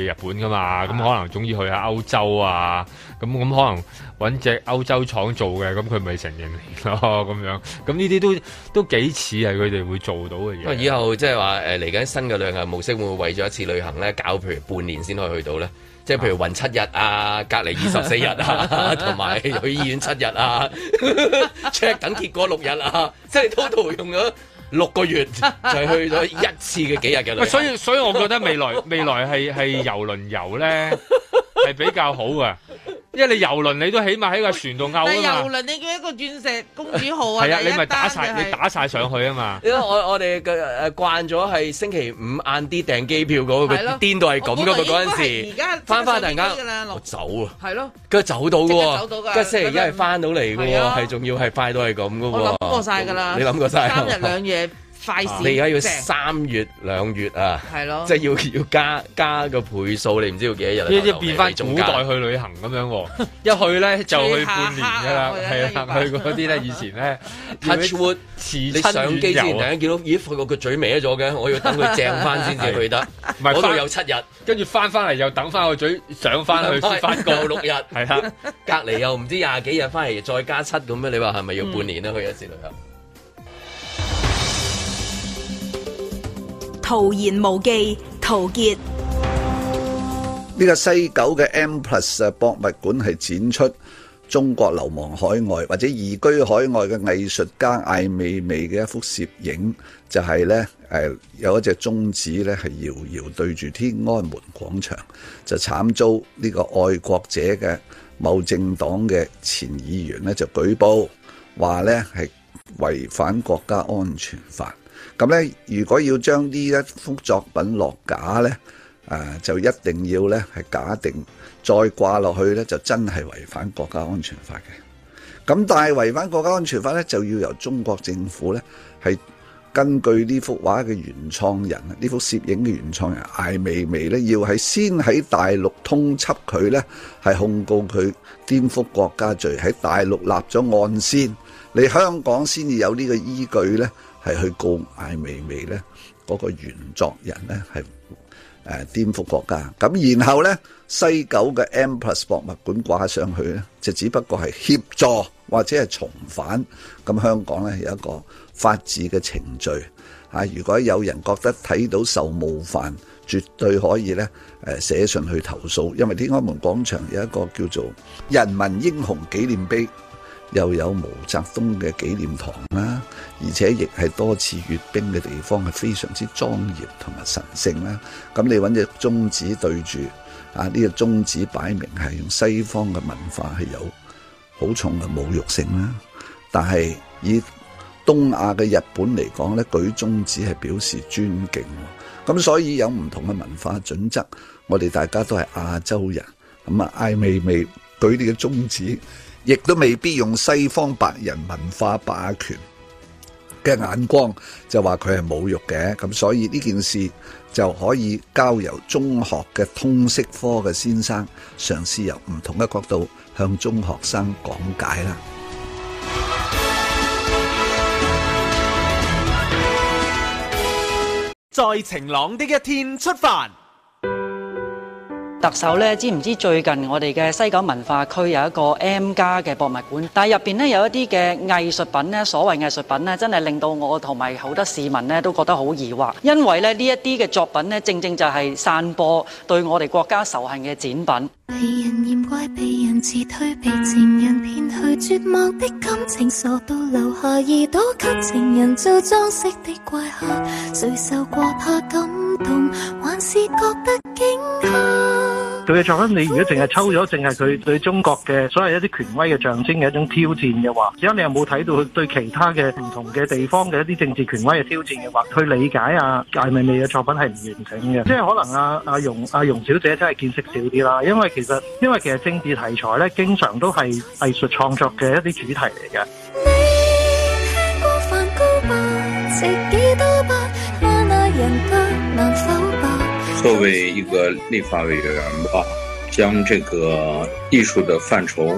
日本噶嘛，咁、嗯、可能總要去下歐洲啊，咁、嗯、咁、嗯、可能搵隻歐洲廠做嘅，咁佢咪成年咯咁樣，咁呢啲都都幾似係佢哋會做到嘅嘢。以後即係話誒嚟緊新嘅旅遊模式會唔會為咗一次旅行咧，搞譬如半年先可以去到咧。即係譬如暈七日啊，隔離二十四日啊，同埋去醫院七日啊，check <laughs> 等結果六日啊，即係 total 用咗六個月就去咗一次嘅幾日嘅啦，所以所以，所以我覺得未來未來係係遊輪遊咧係比較好嘅。因為你遊輪你都起碼喺個船度勾啊嘛，但係遊輪你叫一個鑽石公主號啊，係啊，你咪打晒，你打晒上去啊嘛。 <laughs> 我我哋誒慣咗係星期五晏啲訂機票嗰、嗰個 <laughs> 癲到係咁噶，嗰陣時。而家翻翻突然間，我走啊，係咯，跟住走到噶，佢星期一係翻到嚟噶，係仲要係快到係咁噶。我諗過晒噶啦，你諗過晒三日兩夜。 <laughs> 快事啊、你而家要三月兩、就是、月啊，係、就、咯、是，即係要要加加個倍數，你唔知要幾多日？呢變翻古代去旅行咁樣喎， <laughs> 一去咧就去半年㗎啦，係啊，去嗰啲咧以前咧 Touch Wood 你上機之前看，突然間見到咦？佢個嘴歪咗嘅，我要等佢正翻先至去得。唔係我度有七日，跟住翻翻嚟又等翻個嘴上翻去，發 <laughs> 覺六日係啦，隔離又唔知廿幾日翻嚟再加七咁樣，你話係咪要半年咧去一次旅行？無言無忌，陶傑呢、這個西九嘅 Mplus 博物館係展出中國流亡海外或者移居海外嘅藝術家艾未未嘅一幅攝影，就係呢，誒有一隻中指呢係遙遙對住天安門廣場，就慘遭呢個愛國者嘅某政黨嘅前議員呢就舉報，話呢係違反國家安全法。咁咧，如果要將呢一幅作品落架咧，啊，就一定要咧係假定再掛落去咧，就真係違反國家安全法嘅。咁但係違反國家安全法咧，就要由中國政府咧係根據呢幅畫嘅原創人，呢幅攝影嘅原創人艾未未咧，要係先喺大陸通緝佢咧，係控告佢顛覆國家罪，喺大陸立咗案先，你香港先至有呢個依據咧。係去告艾未未咧，嗰個原作人咧係誒顛覆國家。咁然後咧，西九嘅 Empress 博物館掛上去咧，就只不過係協助或者係重返。咁香港咧有一個法治嘅程序。啊，如果有人覺得睇到受冒犯，絕對可以咧誒寫信去投訴，因為天安門廣場有一個叫做人民英雄紀念碑。又有毛澤東嘅紀念堂啦，而且亦係多次閱兵嘅地方，係非常之莊嚴同埋神聖啦。咁你揾隻中指對住啊，呢個中指擺明係用西方嘅文化，係有好重嘅侮辱性啦。但係以東亞嘅日本嚟講咧，舉中指係表示尊敬。咁所以有唔同嘅文化準則，我哋大家都係亞洲人。咁啊，艾未未舉呢個中指。亦都未必用西方白人文化霸權嘅眼光，就話佢係侮辱嘅。咁所以呢件事就可以交由中學嘅通識科嘅先生嘗試由唔同嘅角度向中學生講解啦。在晴朗的一天出發。特首呢，知唔知最近我哋嘅西九文化區有一個 M+ 嘅博物館，但係入邊呢有一啲嘅藝術品呢，所謂藝術品呢真係令到我同埋好多市民呢都覺得好疑惑，因為呢呢一啲嘅作品呢正正就係散播對我哋國家仇恨嘅展品，被人嫌怪，被人自推，被情人騙去絕望的感情受到留下，遇到給情人做裝飾的怪客，誰受過怕感動，還是覺得驚嚇。佢嘅作品，你如果淨係抽咗，淨係佢對中國嘅所謂一啲權威嘅象徵嘅一種挑戰嘅話，而家你又冇睇到佢對其他嘅唔同嘅地方嘅一啲政治權威嘅挑戰嘅話，去理解啊艾未未嘅作品係唔完整嘅。即係可能啊阿、啊、容阿、啊、容小姐真係見識少啲啦，因為其實因為其實政治題材咧，經常都係藝術創作嘅一啲主題嚟嘅。你聽過作為一個立法委員吧，將這個藝術的範疇。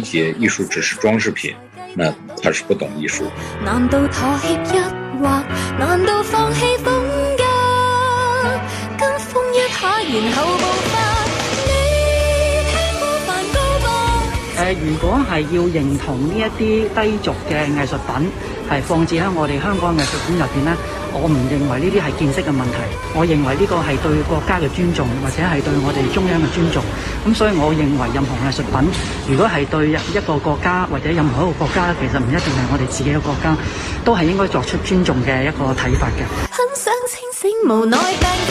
一些藝術只是裝飾品，那他是不懂藝術。難道妥協一畫？難道放棄風格？跟風一下，然後爆發？你聽過梵高嗎？誒，如果係要認同呢一啲低俗嘅藝術品，係放置喺我哋香港藝術館入邊咧？我唔認為呢啲係見識嘅問題，我認為呢個係對國家嘅尊重，或者係對我哋中央嘅尊重。咁所以，我認為任何藝術品，如果係對一個國家或者任何一個國家，其實唔一定係我哋自己嘅國家，都係應該作出尊重嘅一個睇法嘅。很想清醒，無奈。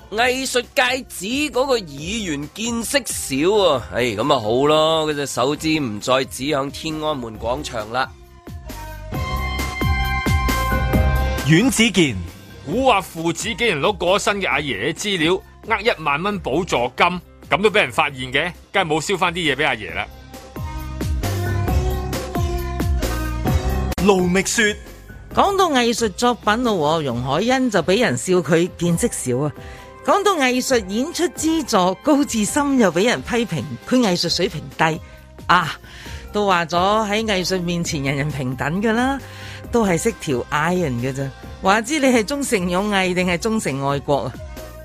藝術界指嗰個議員見識少啊！哎，咁咪好咯，嗰隻手指唔再指向天安門廣場啦。阮子健，古惑父子竟然攞過身嘅阿爺資料，呃一萬蚊補助金，咁都俾人發現嘅，梗係冇燒翻啲嘢俾阿爺啦。盧覓雪，講到藝術作品咯，和容海恩就俾人笑佢見識少啊。講到藝術演出資助，高志森又俾人批評，佢藝術水平低啊，都話咗喺藝術面前人人平等噶啦，都係識調嗌人嘅啫。話知你係忠誠勇毅定係忠誠愛國啊？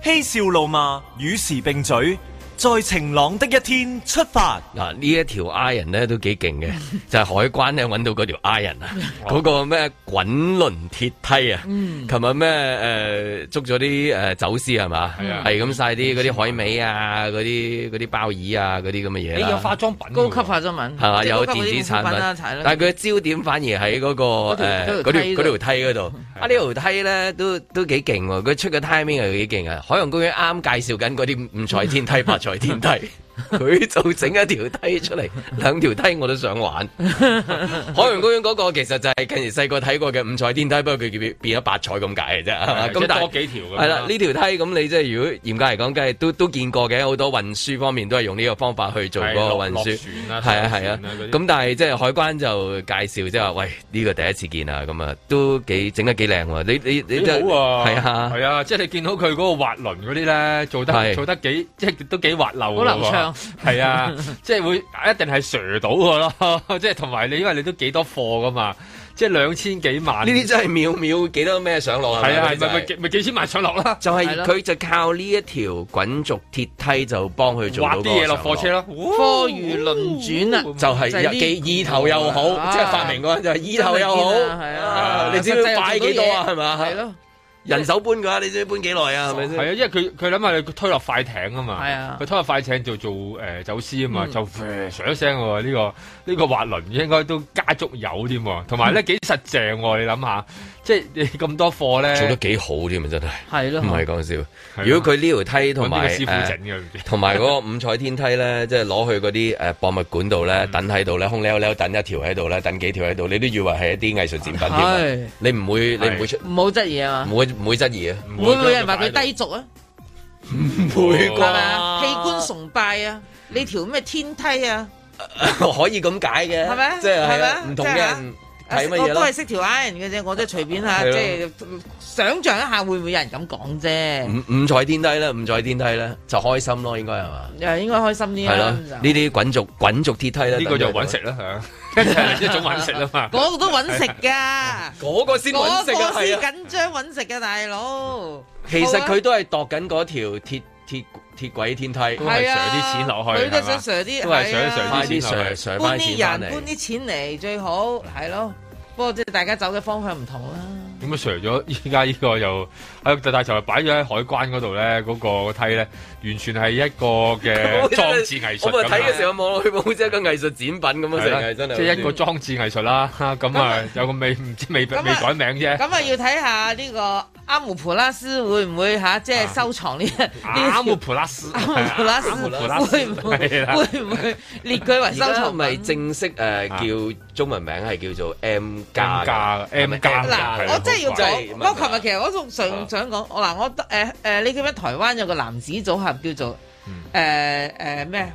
嬉笑怒罵與時並舉。在晴朗的一天出發嗱，呢一條 Iron 咧都幾勁嘅， <laughs> 就係海關咧揾到嗰條 Iron 啊，嗰個咩滾輪鐵梯啊，琴日咩誒捉咗啲誒走私係嘛，係咁晒啲嗰啲海味啊，嗰啲嗰啲鮑魚啊，嗰啲咁嘅嘢，啊啊、你有化妝品高級化妝品係嘛，有電子產品，但係佢嘅焦點反而喺嗰、那個誒嗰、呃、條，條梯嗰度。啊，呢條梯咧都都幾勁喎，佢 <laughs> 出嘅 timing 又幾勁啊！ <laughs> 海洋公園啱介紹緊嗰啲五彩天梯。 <laughs> 在天梯。佢 <laughs> 就整一條梯出嚟， <laughs> 兩條梯我都想玩。 <laughs> 海洋公園嗰個其實就係近日細個睇過嘅五彩天梯，不過佢變變咗八彩咁解嘅啫。咁 <laughs> 但係、就是、多幾條。係啦，呢條梯咁你即、就、係、是、如果嚴格嚟講，梗係都都見過嘅。好多運輸方面都係用呢個方法去做嗰個運輸。係啊係啊，咁、啊、但係即係海關就介紹即係話：，喂，呢、這個第一次見啊！咁啊，都幾整得幾靚喎、啊。你你你就係啊，係啊，即係、就是、你見到佢嗰個滑輪嗰啲咧，做得做得幾即係都幾滑溜，好流暢 <laughs> 係 <laughs> 啊，即係會一定係蛇到個咯，即係同埋你，因為你都幾多貨噶嘛，即係兩千幾萬，呢啲真係秒秒幾多咩上落係係啊，咪咪咪幾千萬上落啦！就係、是、佢就靠呢一條滾軸鐵梯就幫佢做滑啲嘢落貨車咯、哦，貨如輪轉啊！是就係既意頭又好，即係發明個就意頭又好，係啊，啊！你知佢擺幾多啊？係咪？係咯。人手搬噶，你知搬幾耐啊？係咪先？係啊，因為佢佢諗下佢推落快艇啊嘛，佢、啊、推落快艇就做誒、呃、走私啊嘛，嗯、就噥上一聲喎、啊，呢、這個呢、這個滑輪應該都加足油添、啊，同埋咧幾實正喎、啊，你諗下。即係咁多貨咧，做得幾好添啊！真係，係咯，唔係講笑。如果佢呢條梯同埋師傅整嘅，同埋嗰個五彩天梯咧，即係攞去嗰啲誒博物館度咧，等喺度咧，空溜溜，等一條喺度咧，等幾條喺度，你都以為係一啲藝術展品添。你唔會，你唔會出，唔好質疑啊嘛？唔會唔會質疑啊？唔會唔會有人話佢低俗啊？唔會噶，器官崇拜啊？你條咩天梯啊？ <laughs> 可以咁解嘅，係咪？即係唔同嘅人。我都係識條眼人嘅啫，我都隨便吓，即係想象一下會唔會有人咁講啫。五五彩天梯咧，五彩天梯咧就開心咯，應該係嘛？誒，應該開心啲。係咯，呢啲滾軸滾軸鐵梯咧，呢個就揾食啦吓，一種揾食啊嘛。嗰個都揾食噶，嗰個先揾食啊，係啊。緊張揾食嘅大佬，其實佢都係度緊嗰條鐵鐵。鐵軌天梯都係瀡啲錢落去，係嘛、啊 sure 啊？都係瀡瀡啲，快啲瀡瀡翻啲錢翻嚟，搬啲錢嚟最好，係咯。不過即係大家走嘅方向唔同啦。咁、嗯、啊，瀡咗依家依個又～啊！大大船擺咗喺海關嗰度咧，嗰個梯咧，完全係一個嘅裝置藝術。我咪睇嘅時候望落去，好似一個藝術展品咁樣！係啦，係真係即係一個裝置藝術啦。咁啊，有個未唔知未未改名啫。咁啊，要睇下呢個阿姆普拉斯會唔會嚇即係收藏呢？阿姆普拉斯，阿姆普拉斯會唔會會唔會列佢為收藏？咪正式誒叫中文名係叫做 M 加嘅 M 加。嗱，我真係要我我琴日其實我仲想。想講我嗱，我誒誒、呃，你記唔記得台灣有個男子組合叫做誒誒咩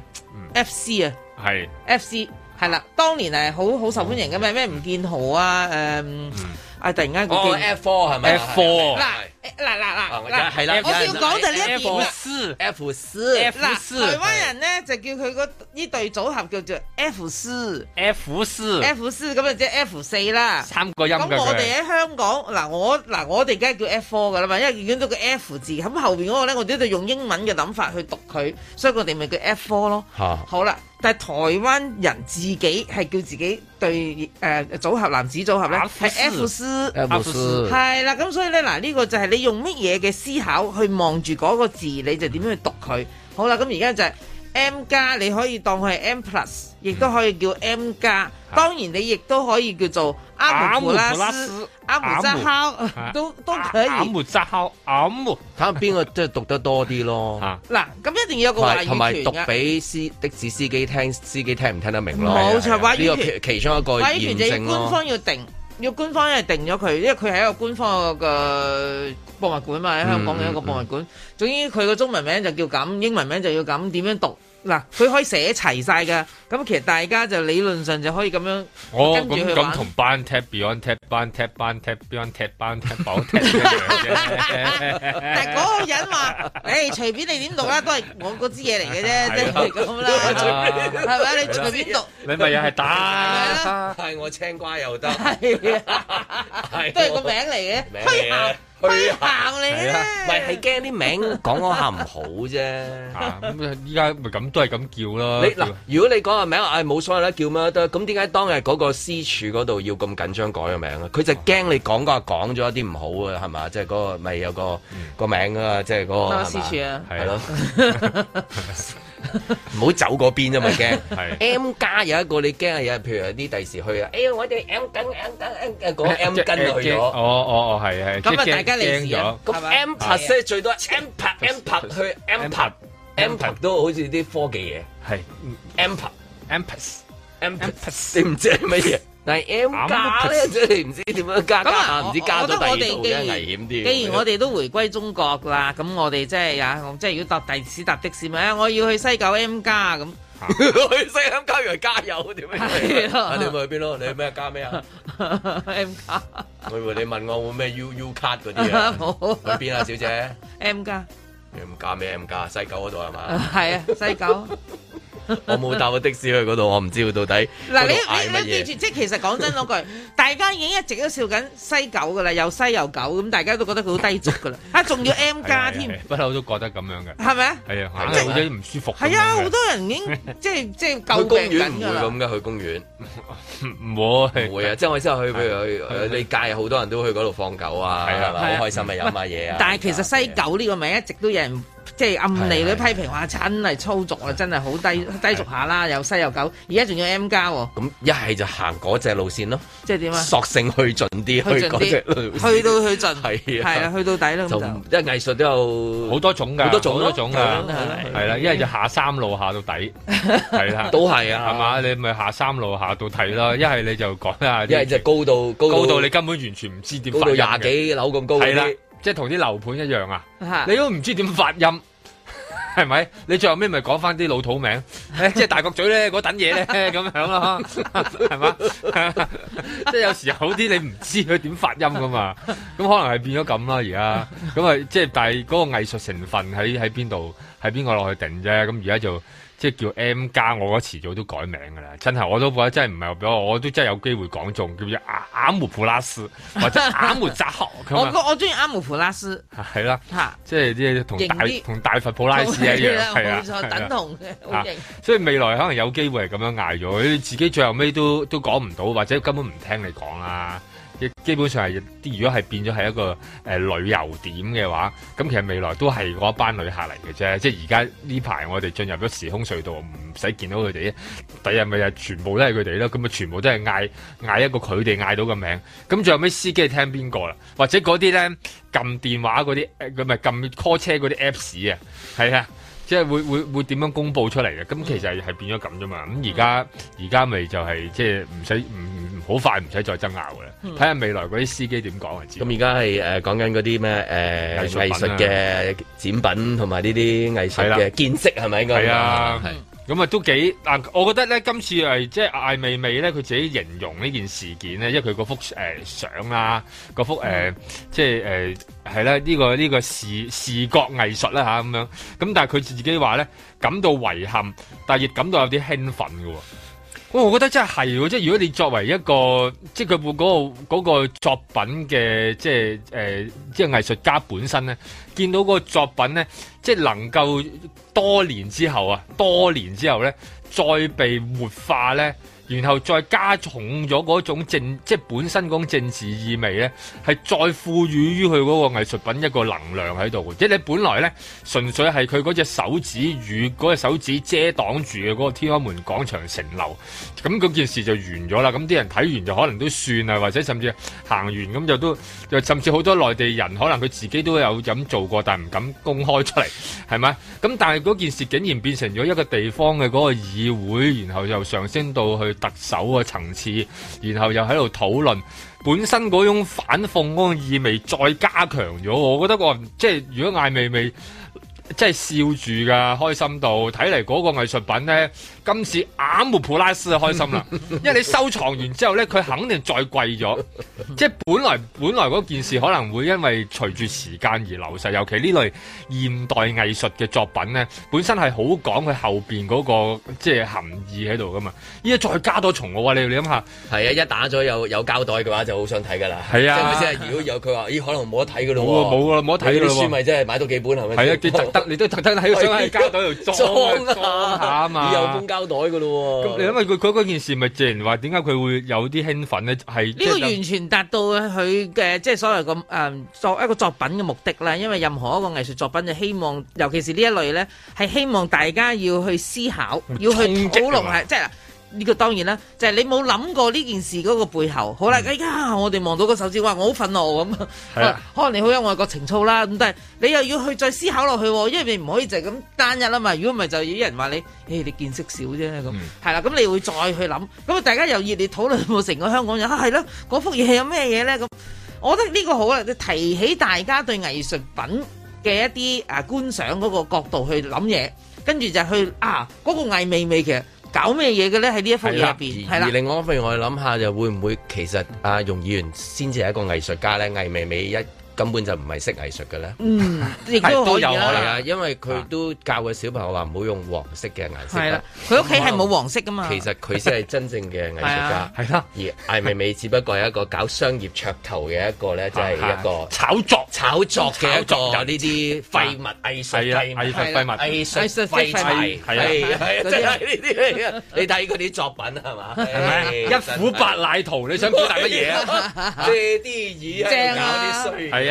？FC 啊，係 FC 係啦，當年係好好受歡迎嘅咩？咩吳建豪啊，誒、呃嗯、啊，突然間嗰啲。哦，F4 係咪？F4 嗱。F4，嗱嗱嗱嗱係啦，我哋要講就呢一點 F 四，F 四，F 四。F4，台灣人咧就叫佢嗰呢對組合叫做 F 四，F 四，F 四。咁啊即係 F 四啦，三個音嘅。咁我哋喺香港，嗱、啊、我嗱、啊、我哋梗係叫 F four 噶啦嘛，因為見到個 F 字。咁後邊嗰個咧，我哋都用英文嘅諗法去讀佢，所以我哋咪叫 F four 咯、啊。好啦，但係台灣人自己係叫自己對誒、呃、組合男子組合咧係 F 四，F 四，係、啊、啦。咁所以咧嗱呢、啊這個就係、是。 <noise> 你用乜嘢嘅思考去望住嗰個字，你就點樣去讀佢？好啦，咁而家就係 M 加，你可以當佢係 M plus，亦都可以叫 M 加。Hmm. 當然你亦都可以叫做阿姆布拉斯、M、阿姆扎考，都都可以。阿姆扎考、阿姆睇下邊個即係讀得多啲咯。嗱，咁一定要有個話語權。同埋讀俾司的士司機聽，司機聽唔聽得明咯？冇錯，話語權。呢個其中一個驗證。話語權就要官方要定。要官方一定咗佢，因為佢係一個官方嘅博物館嘛，喺香港嘅一個博物館，嗯嗯嗯，總之佢個中文名就叫咁，英文名就要咁，點樣讀？嗱，佢可以寫齊晒㗎，咁其實大家就理論上就可以咁樣、哦，跟住去玩。哦，咁咁同班 Tap Beyond Tap，班踢，班 Tap Beyond 踢，班踢，保踢。但係嗰個人話，誒， <laughs> 隨便你點讀啦，都係我嗰支嘢嚟嘅啫，即係咁啦。係、就、咪、係呀、你隨便讀，啊、你咪又係打、啊，係、啊、我青瓜又得，係、啊哎、都係個名嚟嘅。佢喊咧，咪係驚啲名講嗰下唔好啫。吓，咁依家咪咁都係咁叫咯你。嗱，如果你講個名，話誒冇所謂啦，叫咩都得。咁點解當日嗰個私處嗰度要咁緊張改個名啊？佢就驚你講嗰下講咗一啲唔好啊，係嘛？即係嗰個咪有個個名啊，即係嗰個私處啊，係咯。唔好走嗰邊啊！嘛驚，M 加有一個你驚啊！有譬如有啲第時去啊，哎呀我哋 M 跟 M 跟 M 個 M 跟去咗，哦哦哦係啊係，咁啊大家嚟時，咁 M 拍車最多 M 拍 M 拍去 M 拍 M 拍都好似啲科技嘢，係 M 拍 M 拍 M 拍，唔知乜嘢。但係 M 加咧，真係唔知點樣加加下，唔、嗯啊、知加咗第幾號，真危險啲。既然我哋都回歸中國啦，咁、嗯、我哋即係啊，即係如果搭的士搭的士咪啊，我要去西九 M 加咁，去、啊、 <laughs> 西九 M 加完加油點樣，樣，樣？係咯，你去邊咯？你去咩加咩啊 <laughs> ？M 加，我以為你問我會咩 U U 卡嗰啲啊？去邊啊，小姐？M 加，M 加咩？M 加西九嗰度係嘛？係啊，西九。 <laughs> <laughs> 我冇搭過的士去嗰度，我唔知佢到底。嗱，你你你記住，即係其實講真嗰句，大家已經一直都笑緊西九噶啦，又西又九咁，大家都覺得佢好低俗噶啦， <laughs> 啊，仲要 M 加添，不嬲、啊啊、都覺得咁樣嘅，係咪啊？係啊，唔舒服。係啊，好、啊、多人已經即係即係，去公園唔會咁嘅，去公園唔 <laughs> 不會唔 <laughs> 不會啊！ <laughs> 即係我之後去，譬如去，你假日好多人都去嗰度放狗啊，係嘛、啊，好、啊、開心啊，飲下嘢啊。但係其實西九呢個名一直都有人。即係暗地裏批評話，是啊、真係粗俗是啊！真係好低是、啊、低俗下啦，又、啊、西又九，而家仲要 M+ 喎。咁一係就行嗰隻路線咯，即係點啊？索性去盡啲，去嗰隻路線，去到去盡，係 <laughs> 啊，啊，去到底咯咁就。因為藝術都有好多種噶，好多種，好多種噶，係、啊、啦。一係就下三路下到底，係啦，都係啊。係嘛，你咪下三路下到底咯。一係你就講一下一係就高到高到，高到你根本完全唔知點反應，高到廿幾樓咁高，係啦、啊。即係同啲樓盤一樣啊！你都唔知點發音係咪？你最後尾咪講翻啲老土名，即係大角咀咧嗰等嘢咧咁樣囉，係嘛？即係有時候有啲你唔知佢點發音噶嘛，咁可能係變咗咁啦而家，咁啊即係但係嗰個藝術成分喺喺邊度？喺邊個落去定啫？咁而家就～即係叫 M 加，我覺遲早都改名嘅啦，真係我都覺得真係唔係，我我都真係有機會講中叫做阿阿姆普拉斯或者阿姆扎克。我我中意阿姆普拉斯。係啦，嚇、 <laughs> 啊啊！即係啲同大同大佛普拉斯一樣，係啊，我等同嘅、啊啊啊。所以未來可能有機會係咁樣嗌咗， <laughs> 你自己最後尾都都講唔到，或者根本唔聽你講啦、啊。基本上係啲，如果係變咗係一個誒、呃、旅遊點嘅話，咁其實未來都係嗰一班旅客嚟嘅啫。即係而家呢排我哋進入咗時空隧道，唔使見到佢哋，第日咪係全部都係佢哋咯。咁啊，全部都係嗌嗌一個佢哋嗌到嘅名字。咁最後尾，司機聽邊個啦？或者嗰啲咧撳電話嗰啲，佢咪撳 call 車嗰啲 Apps 啊？係啊。即係會會會點樣公布出嚟嘅？咁其實係變咗咁啫嘛。咁而家而家咪就係即係唔使唔好快唔使再爭拗嘅。睇下未來嗰啲司機點講，係知。咁而家係誒講緊嗰啲咩誒藝術嘅展品同埋呢啲藝術嘅見識係咪應該？係啊，咁啊都幾。嗱、啊，我覺得咧今次係即係艾未未咧，佢自己形容呢件事件咧，因為佢嗰幅誒相、呃、啊，嗰幅誒、嗯呃、即係誒。呃係啦，呢、這個呢、這個視視覺藝術啦吓咁樣，咁、啊、但係佢自己話咧感到遺憾，但係亦感到有啲興奮㗎、哦。我、哦、我覺得真係，即係如果你作為一個，即係佢部嗰個嗰、那個作品嘅，即係誒、呃，即係藝術家本身咧，見到個作品咧，即係能夠多年之後啊，多年之後咧，再被活化咧。然後再加重咗嗰種政，即本身講政治意味呢係再賦予於佢嗰個藝術品一個能量喺度。即你本來呢，純粹係佢嗰隻手指與嗰隻手指遮擋住嘅嗰個天安門廣場城樓，咁嗰件事就完咗啦。咁啲人睇完就可能都算啦，或者甚至行完咁就都，就甚至好多內地人可能佢自己都有咁做過，但係唔敢公開出嚟，係咪？咁但係嗰件事竟然變成咗一個地方嘅嗰個議會，然後又上升到去。特首嘅層次，然後又喺度討論，本身嗰種反諷嗰個意味再加強咗，我覺得個即係如果艾未未即係笑住㗎，開心到睇嚟嗰個藝術品咧。今次阿姆普拉斯就開心啦，因為你收藏完之後咧，佢肯定再貴咗。即係本來本來嗰件事可能會因為隨住時間而流逝，尤其呢類現代藝術嘅作品咧，本身係好講佢後邊嗰、嗰個即係含義喺度噶嘛。依家再加多重嘅話，你你諗下，係啊，一打咗有有膠袋嘅話就的，就好想睇噶啦。係啊，即係咪先？如果有佢話，咦，可能冇得睇噶咯。冇、哦、冇得睇咯。書咪即係買多幾本係咪？係啊，特登你都特登喺度想喺膠袋度裝下下啊嘛。膠袋嘅咯、啊，咁你因為佢嗰件事咪自然話，點解佢會有啲興奮咧？係呢個完全達到佢嘅，即係所謂嘅誒作一個作品嘅目的啦。因為任何一個藝術作品就希望，尤其是呢一類咧，係希望大家要去思考，要去討論係即係。呢、這個當然啦，就係、是、你冇諗過呢件事嗰個背後。好啦，依、嗯、家、哎、我哋望到個手指，哇！我好憤怒咁。啊、可能你好有外國情操啦。咁但係你又要去再思考落去，因為你唔可以就係咁單一啦嘛。如果唔係就有啲人話你、哎，你見識少啫咁。係、嗯、啦，咁你會再去諗。咁啊，大家又熱烈討論冇成個香港人啊，係咯，嗰幅嘢係有咩嘢咧？咁我覺得呢個好啦，你提起大家對藝術品嘅一啲誒、啊、觀賞嗰個角度去諗嘢，跟住就去啊嗰、那個藝味味其實。搞咩嘢嘅咧？喺呢一方面入邊，係啦。而另外一方面，我哋諗下，就會唔會。其實阿、啊、容議員先至係一個藝術家咧？魏美美一。根本就唔係識藝術嘅咧，嗯，亦都有可能、啊， <laughs> 因為佢都教個小朋友話唔好用黃色嘅顏色啦。佢屋企係冇黃色噶嘛。其實佢先係真正嘅藝術家，係 <laughs> 啦。而艾美美只不過係一個搞商業噱頭嘅一個咧，就係、是、一個炒作、炒作、炒作，有呢啲廢物藝術，廢物藝術，物係真係呢啲，你睇嗰啲作品係嘛？係咪一虎八奶圖？你想表達乜嘢啊？啲耳、啲衰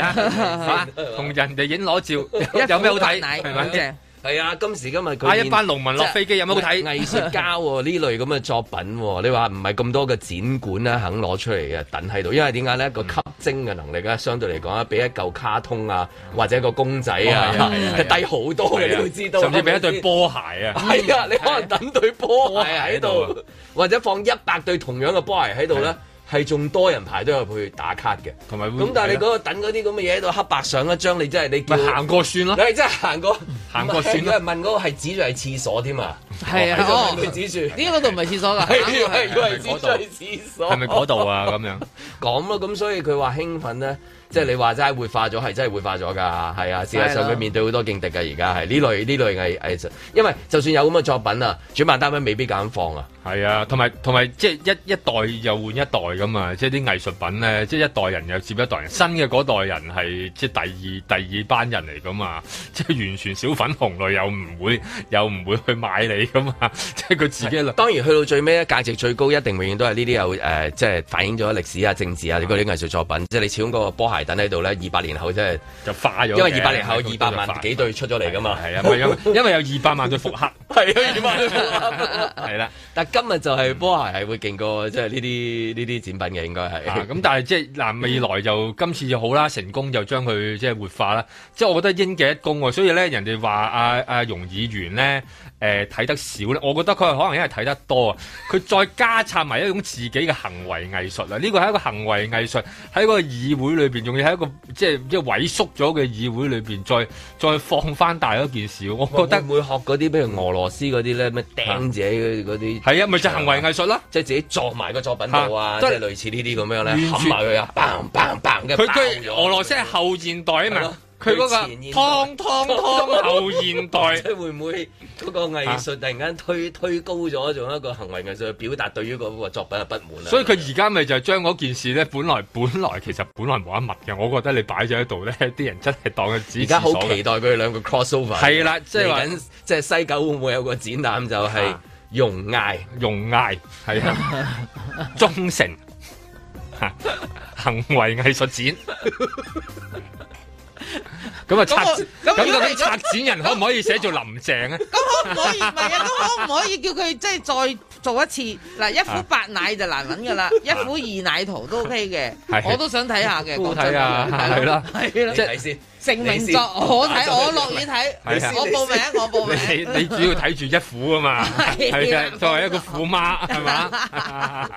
同 <laughs> <laughs> 人哋影裸照有咩好睇？係 <laughs> 咪不是？係 <laughs> 啊！今時今日佢、啊、一班農民落飛機、就是、有咩好睇？藝術家喎、啊、呢類咁嘅作品、啊，你話唔係咁多嘅展館咧，肯攞出嚟嘅等喺度，因為點解咧？個吸睛嘅能力咧、啊，相對嚟講，比一嚿卡通啊，或者一個公仔啊，哦、啊啊啊啊低好多嘅，你、啊、知道？甚至比一對波鞋啊，係啊，啊，啊！你可能等對波鞋喺度， <laughs> 或者放一百對同樣嘅波鞋喺度咧。係仲多人排都有去打卡嘅，同埋咁但係你嗰個等嗰啲咁嘅嘢，喺度黑白相一張，你真係你咪行過算咯，你係真係行過行過算咯。佢問嗰個係指住係廁所添啊？係 <laughs> 啊，我指住呢嗰度唔係廁所噶，係係係指住廁所，係咪嗰度啊？咁樣講咯，咁 <laughs> 所以佢話興奮咧。即係你話齋活化咗係真係活化咗㗎，係啊！事實上佢面對好多勁敵㗎，而家係呢類呢類藝術，因為就算有咁嘅作品啊，轉辦單位未必敢放啊。係啊，同埋同埋即係一一代又換一代咁啊！即係啲藝術品咧，即係一代人又接一代人，新嘅嗰代人係即係第二第二班人嚟㗎嘛！即係完全小粉紅類又唔會又唔會去買你㗎嘛！即係佢自己、啊、當然去到最尾價價值最高一定永遠都係呢啲有、呃、即係反映咗歷史啊、政治啊嗰啲藝術作品。啊、即係你始終個波鞋。等喺度咧，二百年後真係就化咗，因為二百年後二百萬幾對出咗嚟㗎嘛，係啊， <laughs> 因為有二百萬對複刻，係 <laughs> <laughs> 是的、 <laughs> 嗯、啊，二百萬對複刻，係啦。但今日就係波鞋係會勁過，即係呢啲呢啲展品嘅，應該係。咁但係即係嗱，未來就今次就好啦，成功就將佢即係活化啦。即係我覺得應記一功，所以咧，人哋話阿阿容議員咧，誒、呃、睇得少咧，我覺得佢可能因為睇得多，啊，佢再加插埋一種自己嘅行為藝術啊！呢個係一個行為藝術喺個議會裏邊。仲要喺一個即係即係萎縮咗嘅議會裏面再再放返大嗰件事，我覺得會，會學嗰啲比如俄羅斯嗰啲呢，咩掟仔嗰啲，係啊，咪、啊、就係、行為藝術咯，即係自己撞埋個作品度，啊啊、即係類似呢啲咁樣呢，冚埋佢呀，bang bang bang 嘅，佢佢俄羅斯係後現代啊嘛。佢嗰、那個湯湯湯後現代，即 <laughs> 係會唔會嗰個藝術突然間推、啊、推高咗，做一個行為藝術去表達對於嗰個作品嘅不滿啊？所以佢而家咪就係將嗰件事咧，本來本來其實本來冇一物嘅，我覺得你擺咗喺度咧，啲人真係當佢展，而家好期待佢兩個 crossover 係啦，即係話即係西九會唔會有個展覽就係容艾、啊、容艾係啊忠誠行為藝術展。 <laughs> 咁啊拆！咁嗰啲策展人可唔可以寫做林鄭咧、啊？咁 <laughs> 可唔可、啊、 <laughs> 可，可以？唔係啊！咁可唔可以叫佢即係再做一次？嗱，一幅八奶就難揾噶啦，一幅二奶圖都 OK 嘅， <laughs> 我都想睇下嘅，好睇啊，係啦，係啦，你睇先。證明作，我睇我樂意睇，我報名、啊、我,我報名。你名你,名你,你主要睇住一虎啊嘛，係 <laughs> 啊，作為一個虎媽係嘛，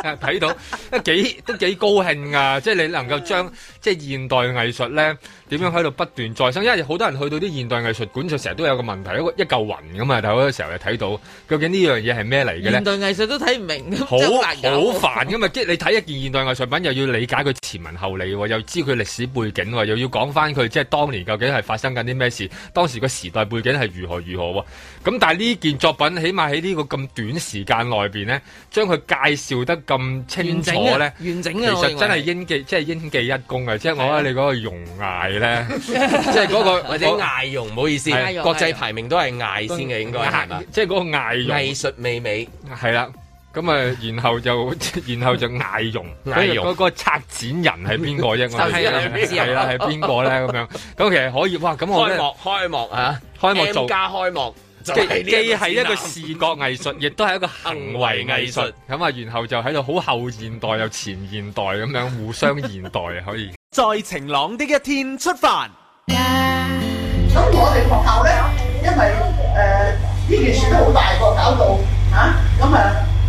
睇 <laughs> <laughs> <laughs> 到都幾都幾高興啊！即係你能夠將 <laughs> 即係現代藝術咧點樣喺度不斷再生，因為好多人去到啲現代藝術館就成日都有個問題，一個一嚿雲㗎嘛！但好多時候又睇到究竟這件事是什麼來的，呢樣嘢係咩嚟嘅咧？現代藝術都睇唔明白好好、啊、煩㗎嘛！即 <laughs> 你睇一件現代藝術品，又要理解佢前文後理，又知佢歷史背景，又要～講翻佢，即係當年究竟係發生緊啲咩事？當時個時代背景係如何如何喎？咁但係呢件作品，起碼喺呢個咁短時間內邊咧，將佢介紹得咁清楚咧，完整，其實，完整其實真係應記，即係應記一功啊！即係我覺得你嗰個容艾咧，即係嗰個或者艾容，唔好意思，國際排名都係艾先嘅，應該係嘛？即係嗰個艾容，藝術美美係啦。咁啊，然後就， <laughs> 然後就嗌融，嗰、 <laughs> 那個嗰、那個策展人係邊個啫？我哋係啦，係邊個咧？咁樣咁其實可以，哇！咁我開幕，開幕啊，開幕做，M+ 開幕，既既係一個視覺藝術，亦都係一個行為藝術。咁啊，然後就喺度好後現代 <laughs> 又前現代咁樣互相現代可以。 <laughs> 再晴朗一啲嘅一天出發。咁我哋學校咧，因為誒呢、呃、件事都好大個，搞到嚇咁啊！那是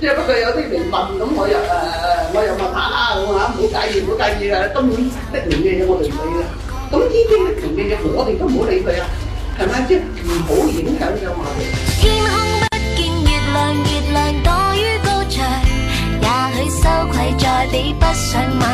即係不過有啲明冧咁，我又誒誒，我又問下啦，我嚇唔好介意，唔好介意啊，當然啲唔嘅嘢我哋唔理啦，咁啲啲啲唔嘅嘢我哋都唔好理佢啊，係咪？即係唔好影響呢個環境。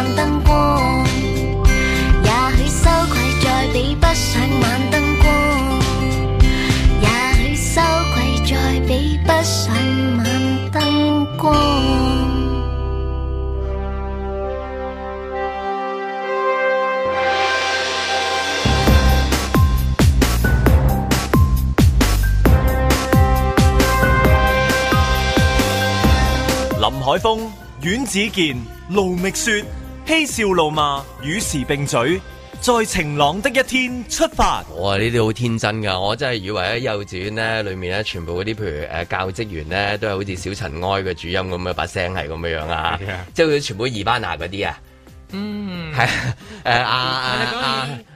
海峰、阮子健、盧覓雪、嬉笑怒罵、與時並嘴，在晴朗的一天出發。我話呢啲好天真噶，我真係以為喺幼稚園咧，裏面咧全部嗰啲，譬如誒教職員咧，都係好似小塵埃嘅主音咁樣，把聲係咁樣樣啊，即係佢全部二班牙嗰啲啊。嗯，係，誒阿阿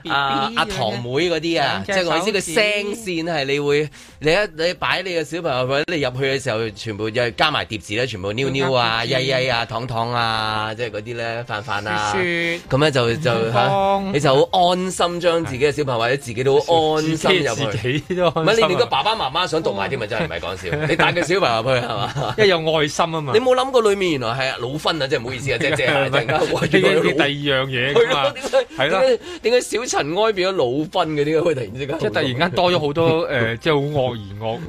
阿阿堂妹嗰啲啊，即係我意思個聲線係你會你一你擺你個小朋友去，你入去嘅時候，全部又加埋疊字咧，全部尿尿啊，曳曳啊，啊，啊，糖糖啊，即係嗰啲咧，飯飯啊，咁咧就就、啊、你就好安心將自己嘅小朋友、啊、或者自己都好安心入去，唔係你連個爸爸媽媽想讀埋添啊，真係唔係講笑， <laughs> 你帶個小朋友去係嘛，因為有愛心啊嘛，你冇諗過裏面原來係老分啊，即係唔好意思啊，即係即係突第二樣嘢噶嘛，係啦，點解小塵埃變咗老昏嘅？點解佢突然之間即係突然間多咗好多誒，即係好惡而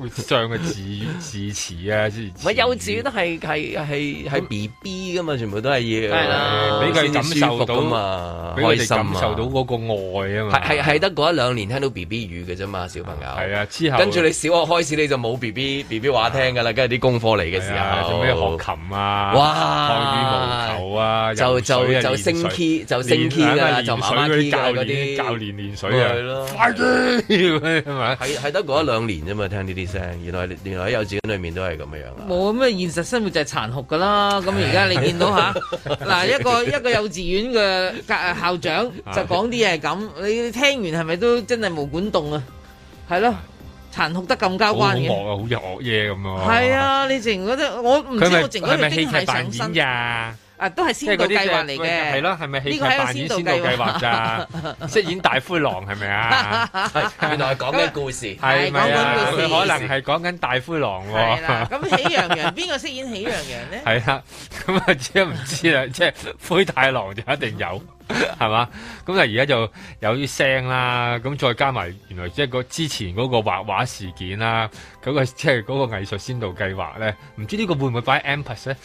惡上嘅字字詞啊，字詞唔係幼稚園都係係係係 B B 噶嘛，全部都係要係啦，俾佢感受到嘛，俾佢感受到嗰、啊、個愛啊嘛，係係係得嗰一兩年聽到 B B 語嘅啫嘛，小朋友係啊，之後跟住你小學開始你就冇 B B B B 話聽噶啦，跟住啲功課嚟嘅時候咩學琴啊，哇，啊，就就。就就升 key 就升 key 噶，就慢慢 key 啊嗰啲教練練水啊，快啲係嘛？係係得過一兩年啫嘛，聽呢啲聲，原來原來喺幼稚園裏面都係咁嘅樣啊！冇咁啊，現實生活就係殘酷噶啦！咁而家你見到吓嗱一個一個幼稚園嘅校校長就講啲嘢係咁，你聽完係咪都真係冇管動啊？係咯，殘酷得咁交關啊！好惡嘢咁啊！係啊，你淨覺得我唔知我淨嗰啲器材繁衍呀。啊，都係先嗰啲計劃嚟嘅，係咯，係咪喜劇扮演先導計劃咋？哈哈哈哈飾演大灰狼係咪啊？原來講緊故事，係講緊故事，可能係講緊大灰狼喎、啊。咁喜羊羊邊個飾演喜羊羊咧？係啦，咁啊，知唔知啦，即係灰太狼就一定有。係 <laughs> 嘛？咁啊，而家就有啲聲啦。咁再加埋原來即係之前嗰個畫畫事件啦，嗰個即係嗰個藝術先導計劃咧。唔知呢個會唔會擺喺 Empress 咧？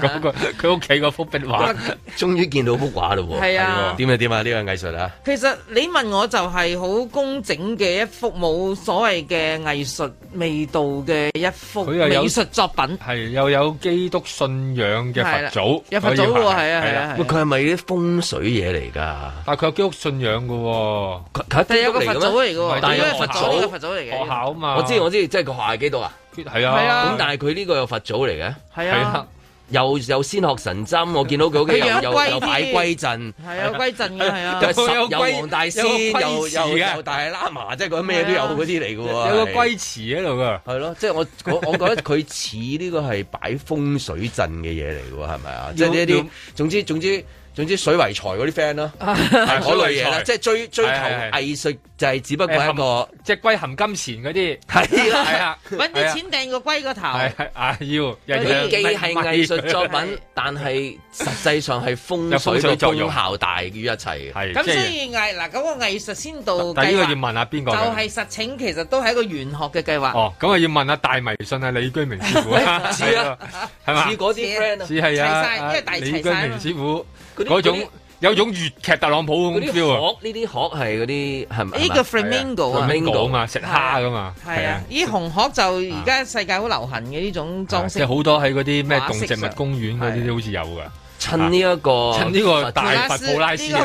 個佢屋企嗰幅壁畫，終於見到幅畫啦！係 <laughs> 啊，點啊點啊？呢、呢個藝術啊？其實你問我就係好工整嘅一幅冇所謂嘅藝術味道嘅一幅藝術作品，係又有，有基督信仰嘅佛祖，一、啊、佛祖係啊係啊，佢係咪要風水嘢嚟噶，但係佢有宗教信仰噶。哦，佢係一個佛祖嚟噶，點解佛祖佛祖嚟嘅？學校啊嘛，嘛，我知我知，即係個學校係幾度啊？係啊，咁但係佢呢個有佛祖嚟嘅，係啊、嗯嗯嗯嗯嗯嗯、啊，又先學神針，我見到佢屋企有擺擺龜陣，係啊，龜陣嘅係啊，有龜王大仙！有！又又，又大喇嘛，即係嗰啲咩都有嗰啲嚟嘅，有個龜池喺度噶，係 <laughs> 咯。啊，即係我我覺得佢似呢個係擺風水陣嘅嘢嚟嘅，係咪啊？ <laughs> 即係呢一啲，總之總之。總之水為財嗰啲 friend 咯，嗰 <laughs> 類嘢啦、啊，即係追追求藝術就係只不過係一個即係歸含金錢嗰啲，係啦，係啊，揾啲錢掟個龜個頭，係啊要。佢既係藝術作品，是是但係實際上係風水嘅功效大於一切咁，所以藝嗱咁個藝術先到，第呢個要問下邊個？就係實情，其實都係一個玄學嘅計劃。哦，咁啊要問下大迷信啊李居明師傅啦，係嘛？似嗰啲 friend 啊，李居明師傅。 <laughs> 嗰種有一種粵劇特朗普嗰種 feel 啊！呢啲殼係嗰啲係咪？呢個 Flamingo 啊 Flamingo 嘛，食蝦噶嘛。係啊，咦、啊，係啊係啊、紅殼就而家世界好流行嘅呢種裝飾。有好、啊就是、多喺嗰啲咩動植物，植物公園嗰啲都好似有噶、啊。趁呢一個，趁呢、呢個、啊、佛 <laughs> 大佛，普拉斯係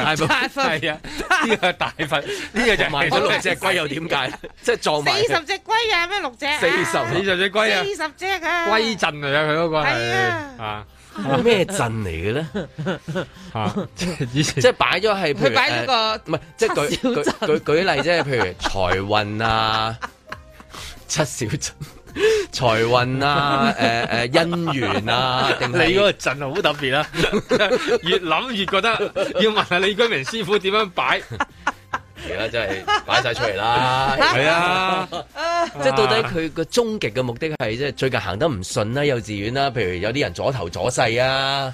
啊，呢個大佛，呢 <laughs> 個就賣咗六隻龜又點解即係撞四十隻龜啊！咩六隻？四十，四十隻龜啊！四十隻啊！龜陣嚟啊！佢嗰個係啊。咩陣嚟嘅咧？即係擺咗係，佢擺咗一個唔係，即係、呃、舉舉舉舉例，即係譬如財運啊， <laughs> 七小陣，財運啊，誒、呃、誒、呃、姻緣啊，定你嗰個陣好特別啦、啊， <laughs> <laughs> 越諗越覺得要問下李居明師傅點樣擺。而家真係擺晒出嚟啦，係啊！啊 <laughs> 啊啊 <laughs> 即到底佢個終極嘅目的係即係最近行得唔順啦、啊，幼稚園啦、啊，譬如有啲人左頭左勢啊。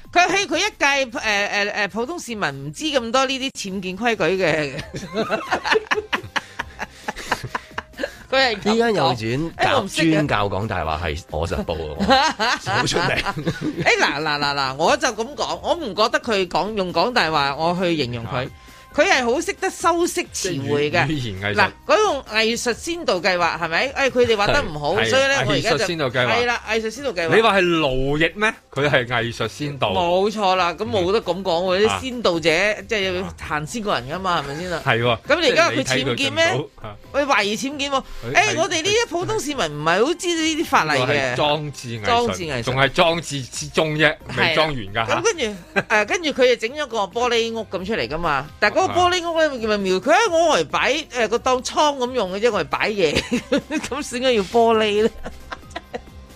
佢係佢一介誒誒誒普通市民，唔知咁多呢啲僭建規矩嘅 <laughs> <laughs> 佢係依間幼稚園教、欸、 <laughs> 專教講大話係我實報好出名。誒嗱嗱嗱嗱，我就咁講，我唔覺得佢講用講大話，我去形容佢。啊佢係好識得修飾詞彙嘅嗱，嗰個藝術先導計劃係咪？誒，佢哋畫得唔好，所以咧我而家就先係啦，藝術先導計劃。你話係勞役咩？佢係藝術先導，冇錯啦。咁冇得咁講喎，啲、啊、先導者即係行先個人㗎嘛，係、啊、咪先啦？係喎、啊。你而家佢僭建咩？喂，啊、我懷疑僭建喎、哎哎。我哋呢啲普通市民唔係好知道呢啲法例嘅。那個、是裝置藝術，裝置藝術，仲係裝置之中啫、啊，未裝完㗎。咁跟住誒、 <laughs> 啊，跟住佢又整咗個玻璃屋咁出嚟㗎嘛， <laughs> 但、那個嗰玻璃我唔知叫咩，佢喺我嚟擺誒個當倉咁用嘅啫，我嚟擺嘢，咁點解要玻璃咧？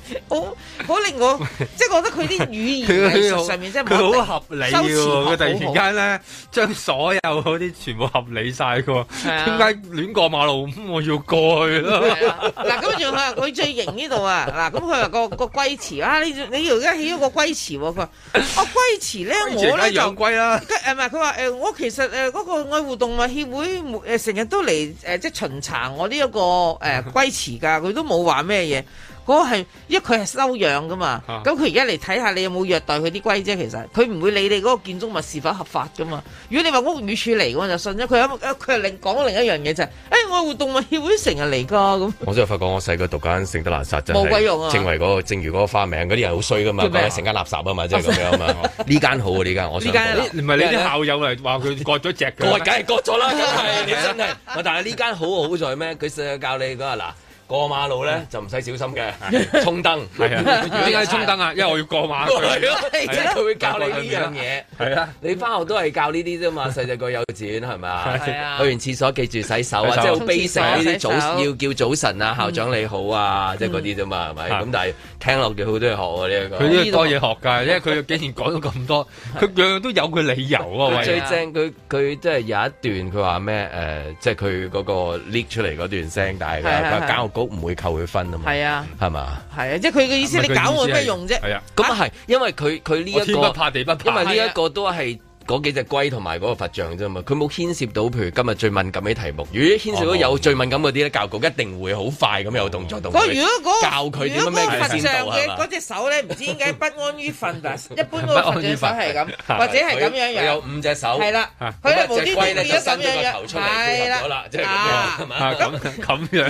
<laughs> 好好令我即係我覺得佢啲語言藝術上面真係佢好合理嘅，佢突然間咧將所有嗰啲全部合理晒嘅，點解亂過馬路咁？我要過去 <laughs> <laughs> 啦。嗱，跟住佢佢最型呢度啊！嗱，咁佢話個個龜池啊，你你而家起咗個龜池，佢話哦龜池咧、啊，我咧就龜啦。誒，唔係，佢話誒，我其實誒嗰、呃那個愛護動物協會誒成日都嚟誒、呃、即係巡查我呢、這、一個誒龜、呃、池噶，佢都冇話咩嘢。嗰個係，因為佢係收養噶嘛，咁佢而家嚟睇下你有冇虐待佢啲龜啫。其實佢唔會理你嗰個建築物是否合法噶嘛。如果你話屋宇處嚟嘅話，就信咗佢。佢又另講另一樣嘢就係、是，誒、哎、我係愛護動物協會成日嚟㗎咁。我真係發覺我細個讀間聖德蘭沙冇、那個、鬼用啊，正為嗰、那個正如嗰個花名，嗰啲人好衰噶嘛，成、啊就是、間垃，垃圾啊嘛，即係咁樣啊嘛。呢 <laughs> 間好啊呢間， <laughs> 我呢間唔係你啲校友嚟話佢割咗隻，割梗係割咗啦， <laughs> 你真係。但係呢間好好在咩？佢教你嗰嗱。過馬路咧就唔使小心嘅，衝燈係啊，點解衝燈啊？因為我要過馬路。即係佢會教你呢樣嘢。係 <laughs> 啊，你翻學都係教呢啲啫嘛。細細個幼稚園係咪啊？係啊。去完廁所記住洗手啊，即係好 basic 呢啲早要叫早晨啊、嗯，校長你好啊，即係嗰啲啫嘛，係、嗯、咪？咁、啊啊、但係聽落嘅、這個、好多嘢學啊呢一個。佢都多嘢學噶，因為佢竟然講咗咁多，佢樣樣都有佢理由啊， <laughs> 啊、啊。最正，佢佢即係有一段佢話咩？誒、呃，即係佢嗰個 lift 出嚟嗰段聲、啊，但係佢教。間間佢唔會扣佢分啊嘛，係啊，係嘛，係啊，即係佢嘅意思你搞我，你有咩用啫？咁啊係、啊，因為佢佢呢一個，我天不怕地不怕，因為呢一個都係。是啊都是嗰幾隻龜同埋嗰個佛像啫嘛，佢冇牽涉到，譬如今日最敏感嘅題目。如果牽涉到有最敏感嗰啲咧，教局一定會好快咁有動作動。如果、那個、他如果教佢點樣咩嘅像到嗰隻手咧唔知點解不安於瞓， <laughs> 一般個佛像手係咁，或者係咁樣樣。有五隻手。係啦，佢啊無端端嘅伸咗個頭出嚟，配合咗啦，即係咁樣。咁、就是啊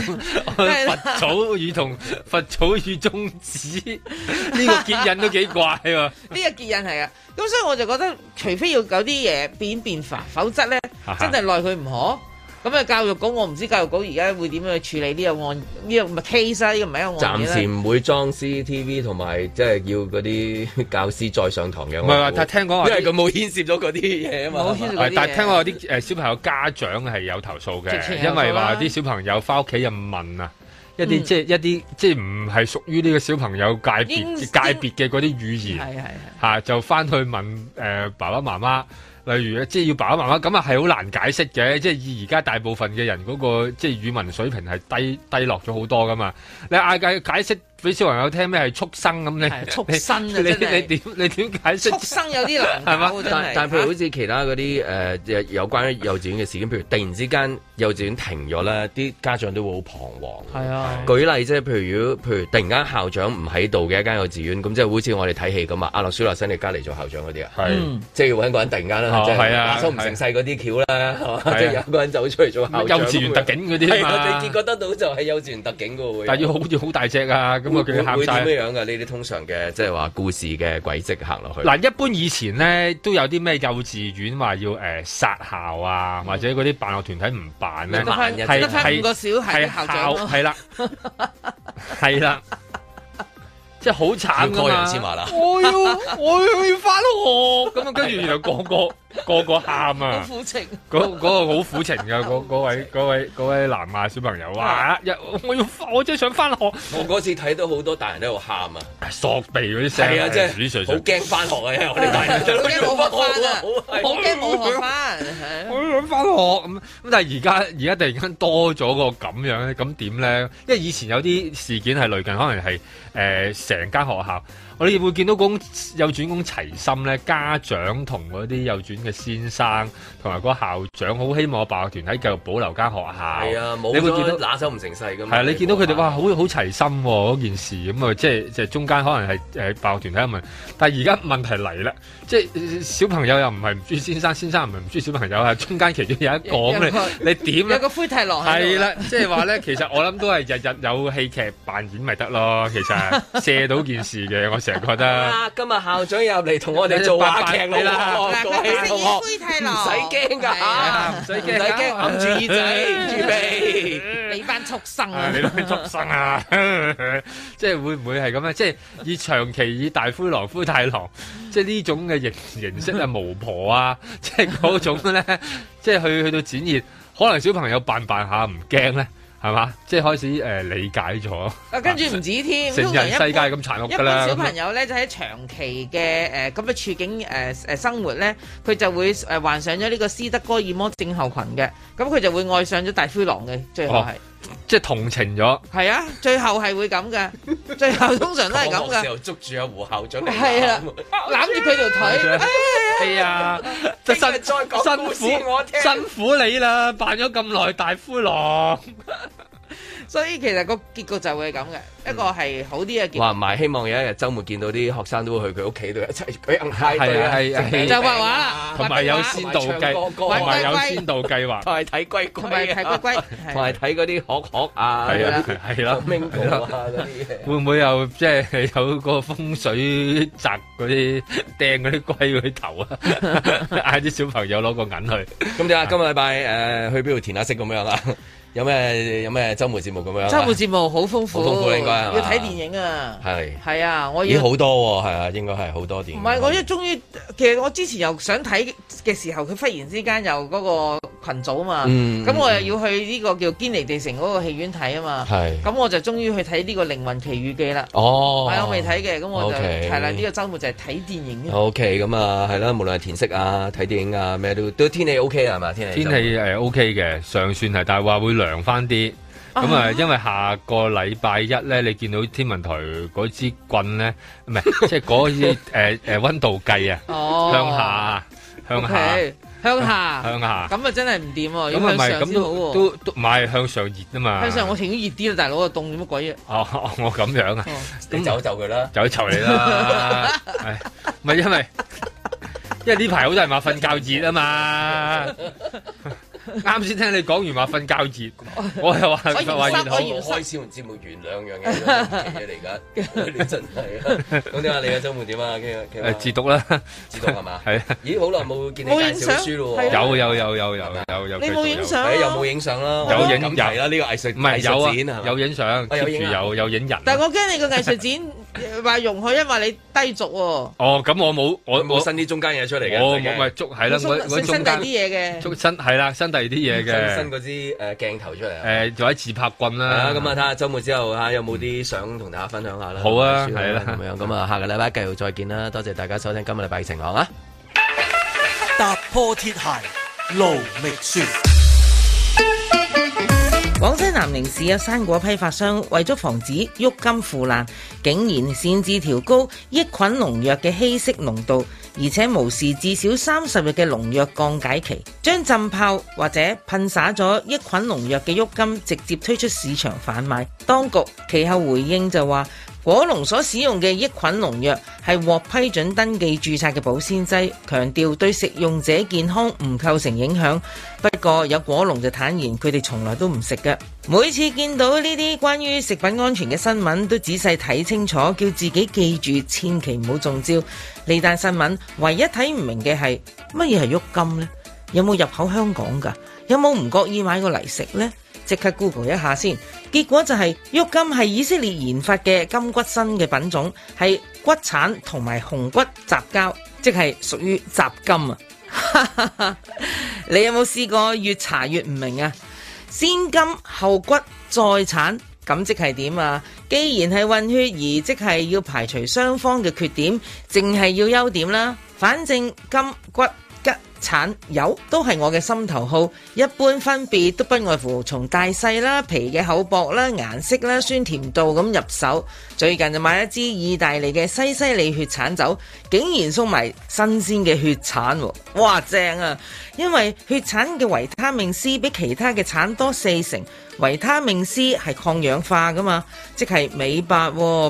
啊啊、 <laughs> <laughs> 佛祖與同 <laughs> <laughs> 佛祖與中指呢個結印都幾怪喎。呢 <laughs> 個結印係啊，咁所以我就覺得，除非要。有啲嘢變變法，否則咧 <laughs> 真係奈佢唔可。咁啊，教育局，我唔知教育局而家會點樣去處理呢個案呢、呢個咪 case 呢個唔係一個暫時唔會裝 CCTV 同埋即係要嗰啲教師再上堂嘅。唔係話聽講話，因為佢冇牽涉到嗰啲嘢啊嘛。冇牽涉到是。但係聽講有啲誒小朋友家長係有投訴嘅，因為話啲小朋友翻屋企又問啊。一啲即係一啲即係唔係屬於呢個小朋友界別界別嘅嗰啲語言，係係係係啊、就翻去問、呃、爸爸媽媽。例如即係要爸爸媽媽咁啊，係好難解釋嘅。即係而家大部分嘅人嗰、嗰個即係語文水平係低低落咗好多噶嘛。你嗌佢解釋。俾小朋友聽咩係畜生咁咧？畜生啊！你你點你點解釋？畜生有啲難估係、啊。 <laughs> 但譬如好似其他嗰啲誒有關於幼稚園嘅事，件，譬如突然之間幼稚園停咗咧，啲 <laughs> 家長都會好彷徨。係 <laughs> 啊！舉例即係譬如如果譬如，譬如突然間校長唔喺度嘅一間幼稚園，咁即係好似我哋睇戲咁 <laughs> 啊！阿諾舒華辛力加嚟做校長嗰啲啊，即、就、係、是、要揾個人突然間，哦就是突然間哦、啊，打手唔成勢嗰啲橋啦，即、啊、係、就是、有一個人走出嚟做校長、啊。幼稚園特警嗰啲啊嘛。結果得到就係幼稚園特警嘅會。但要好似好大隻啊！咁啊，佢會帶咩樣嘅呢啲通常嘅，即係話故事嘅軌跡行落去。嗱、啊，一般以前咧都有啲咩幼稚園話要、呃、殺校啊，嗯、或者嗰啲辦學團體唔辦咧，係係係校，係啦，係 <laughs> 是啦， <laughs> 即係好慘，個人先話啦 <laughs> 我。我要我要翻學，咁 <laughs> 啊跟住原來講過。 <laughs> 個個喊啊！嗰個好苦情㗎、啊，嗰、啊、位嗰位位，位南亞小朋友，啊，我要我真係想翻學。我嗰次睇到好多大人都喺度喊啊！索鼻嗰啲聲啊，真係、啊、好驚翻學啊！好為我哋大，我驚冇翻啊， <laughs> 學啊學 <laughs> 我驚冇翻。我翻學咁咁，但係而家而家突然間多咗個咁樣咁點咧？因為以前有啲事件係類近，可能係誒成間學校。我哋會見到工有轉工齊心咧，家長同嗰啲有轉嘅先生同埋個校長，好希望辦學團體繼續保留間學校。係啊，冇你會見到揦手唔成勢咁。係啊，你見到佢哋哇，好好齊心嗰、哦、件事，咁、嗯、啊，即係即係中間可能係誒辦學團體問，但係而家問題嚟啦，即係小朋友又唔係唔中意先生，先生又唔係唔中意小朋友，係中間其中有一個咁你你點咧？有個灰太狼係啦，即係話咧，其實我諗都係日日有戲劇扮演咪得咯，其實射到件事嘅 <laughs> 成日覺得， <laughs> 今日校長又嚟同我哋做話劇咯，唔灰太狼，唔使驚㗎，唔使驚，掩住 <laughs> 耳仔，準備，你班畜生啊， <laughs> 你班畜生啊， <laughs> 即係會唔會係咁咧？即係以長期以大灰狼、灰太狼，即係呢種嘅形形式啊，巫婆啊，即係嗰種咧，即係去去到展現，可能小朋友扮扮下唔驚咧。係嘛，即係開始、呃、理解咗。啊，跟住唔止添，成、啊、人世界咁殘酷㗎啦。一個小朋友咧，就喺長期嘅咁嘅處境、呃、生活咧，佢就會誒患上咗呢個斯德哥爾摩症候群嘅，咁佢就會愛上咗大灰狼嘅，最好係。哦即係同情咗，係啊！最後係會咁嘅，最後通常都係咁嘅。時候捉住阿胡校長，係啊，攬住佢條腿。係啊，今日再講故事我聽，辛苦你啦，扮咗咁耐大灰狼。所以其實個結局就會係咁嘅，一個係好啲嘅。話唔埋，希望有一日周末見到啲學生都會去佢屋企度一齊舉係係就畫畫啦，同埋有先導計，同埋有先導計劃，同埋睇龜龜，同埋睇嗰啲殼殼啊，係啊係啦，係會唔會又即係有個風水宅嗰啲掟嗰啲龜佢頭啊？嗌啲小朋友攞個銀去。咁就啊？今日禮拜誒，去邊度填下色咁樣啊？有咩有咩周末節目咁樣，周末節目好豐富，好、哎、豐富應該要睇電影啊，係係啊，我要咦好多喎、啊，係啊，應該係好多電影、啊。唔係，我一啲終於，其實我之前又想睇嘅時候，佢忽然之間又嗰、嗰個。群組嘛，咁、嗯、我又要去呢個叫堅尼地城嗰個戲院睇啊嘛，咁我就終於去睇呢個《靈魂奇遇記》啦。哦，係、我未睇嘅，咁我就係啦，呢個周末就係睇電影。O K，咁啊，係啦，無論係填色啊、睇電影啊，咩都都天氣 O K 啊，係嘛？天氣、OK、天氣誒 O K 嘅，尚算係，但係話會涼翻啲。咁啊、嗯，因為下個禮拜一咧，你見到天文台嗰支棍咧，唔係即係嗰支誒誒溫度計啊、哦，向下向下。Okay 向下、啊，向下，咁啊真係唔掂喎！咁唔係咁都都唔係向上熱啊嘛！向上我偏熱啲啊，大佬啊凍啲乜鬼嘢？哦、啊、我咁樣啊，啊，啊，你走走佢啦，走一籌你啦，唔 <laughs> 係、哎、因為因為呢排好多人話瞓覺熱啊嘛。 <laughs> 啱先 <laughs> 聽你講完話瞓覺熱， <laughs> 我又話話然後開始換節目完兩樣嘢嘢嚟噶，你真係咁你啊？你嘅週末點啊？誒，自讀啦， <laughs> 自讀係嘛？係。咦，好耐冇見你介紹書咯喎，有有有有有有有。你冇影相？誒，有冇影相啦？有影人啦，呢個藝術藝術展啊，有影相 keep 住有有影人。但係我驚你個藝術展。 <laughs> 話容許，因為你低俗喎、哦。哦，咁我冇，我冇伸啲中間嘢出嚟嘅。哦，冇、就、咪、是就是、捉，係啦，我我伸第啲嘢嘅。捉伸係啦，伸第二啲嘢嘅。伸嗰支誒鏡頭出嚟。誒、呃，做一自拍棍啦。咁啊，睇下周末之後吓、啊、有冇啲想同大家分享下啦、嗯。好啊，係啦，咁樣咁啊，下個禮拜繼續再見啦。多謝大家收聽今日禮拜嘅情況啊。踏破鐵鞋無覓處。廣西南寧市有水果批發商為咗防止沃柑腐爛，竟然擅自調高抑菌農藥嘅稀釋濃度，而且無視至少三十日嘅農藥降解期，將浸泡或者噴灑咗抑菌農藥嘅沃柑直接推出市場販賣。當局其後回應就話：果農所使用嘅益菌農藥係獲批准登記註冊嘅保鮮劑，強調對食用者健康唔構成影響。不過有果農就坦言，佢哋從來都唔食㗎。每次見到呢啲關於食品安全嘅新聞，都仔細睇清楚，叫自己記住，千祈唔好中招。呢單新聞唯一睇唔明嘅係乜嘢係鬱金呢？有冇入口香港㗎？有冇唔覺意買過嚟食呢？即刻 Google 一下先，結果就係、是、玉金係以色列研發嘅金骨新嘅品種，係骨產同埋紅骨雜交，即係屬於雜金啊！ <laughs> 你有冇試過越查越唔明啊？先金後骨再產，咁即係點啊？既然係混血兒，而即係要排除雙方嘅缺點，淨係要優點啦，反正金骨。橙油都係我嘅心頭好，一般分別都不外乎從大細啦、皮嘅厚薄啦、顏色啦、酸甜度咁入手。最近就買一支意大利嘅西西里血橙酒，竟然送埋新鮮嘅血橙，哇，正啊！因為血橙嘅維他命 C 比其他嘅橙多四成，維他命 C 係抗氧化㗎嘛，即係美白，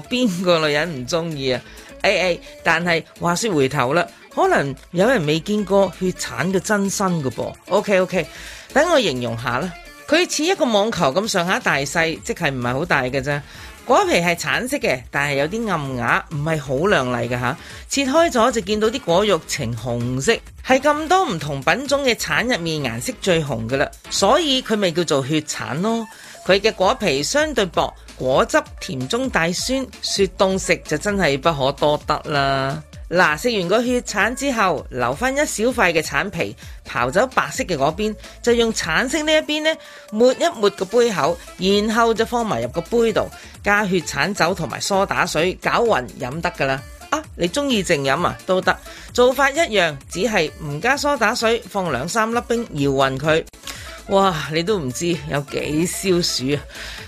邊個女人唔中意啊？哎哎，但係話說回頭啦。可能有人未見過血橙嘅真身㗎噃，OK OK，等我形容下啦。佢似一個網球咁上下大細，即係唔係好大嘅啫。果皮係橙色嘅，但係有啲暗啞，唔係好亮麗嘅吓。切開咗就見到啲果肉呈紅色，係咁多唔同品種嘅橙入面顏色最紅㗎啦，所以佢咪叫做血橙咯。佢嘅果皮相對薄，果汁甜中帶酸，雪凍食就真係不可多得啦。嗱，食完個血橙之後，留翻一小塊嘅橙皮，刨走白色嘅嗰邊，就用橙色呢一邊呢抹一抹個杯口，然後就放埋入個杯度，加血橙酒同埋梳打水，攪勻飲得噶啦。啊，你中意淨飲啊都得，做法一樣，只係唔加梳打水，放兩三粒冰搖勻佢。哇，你都唔知有幾消暑啊！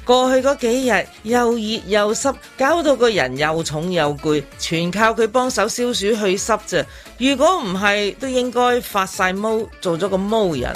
過去嗰幾日又熱又濕，搞到個人又重又攰，全靠佢幫手消暑去濕啫。如果唔係，都應該發晒毛，做咗個毛人。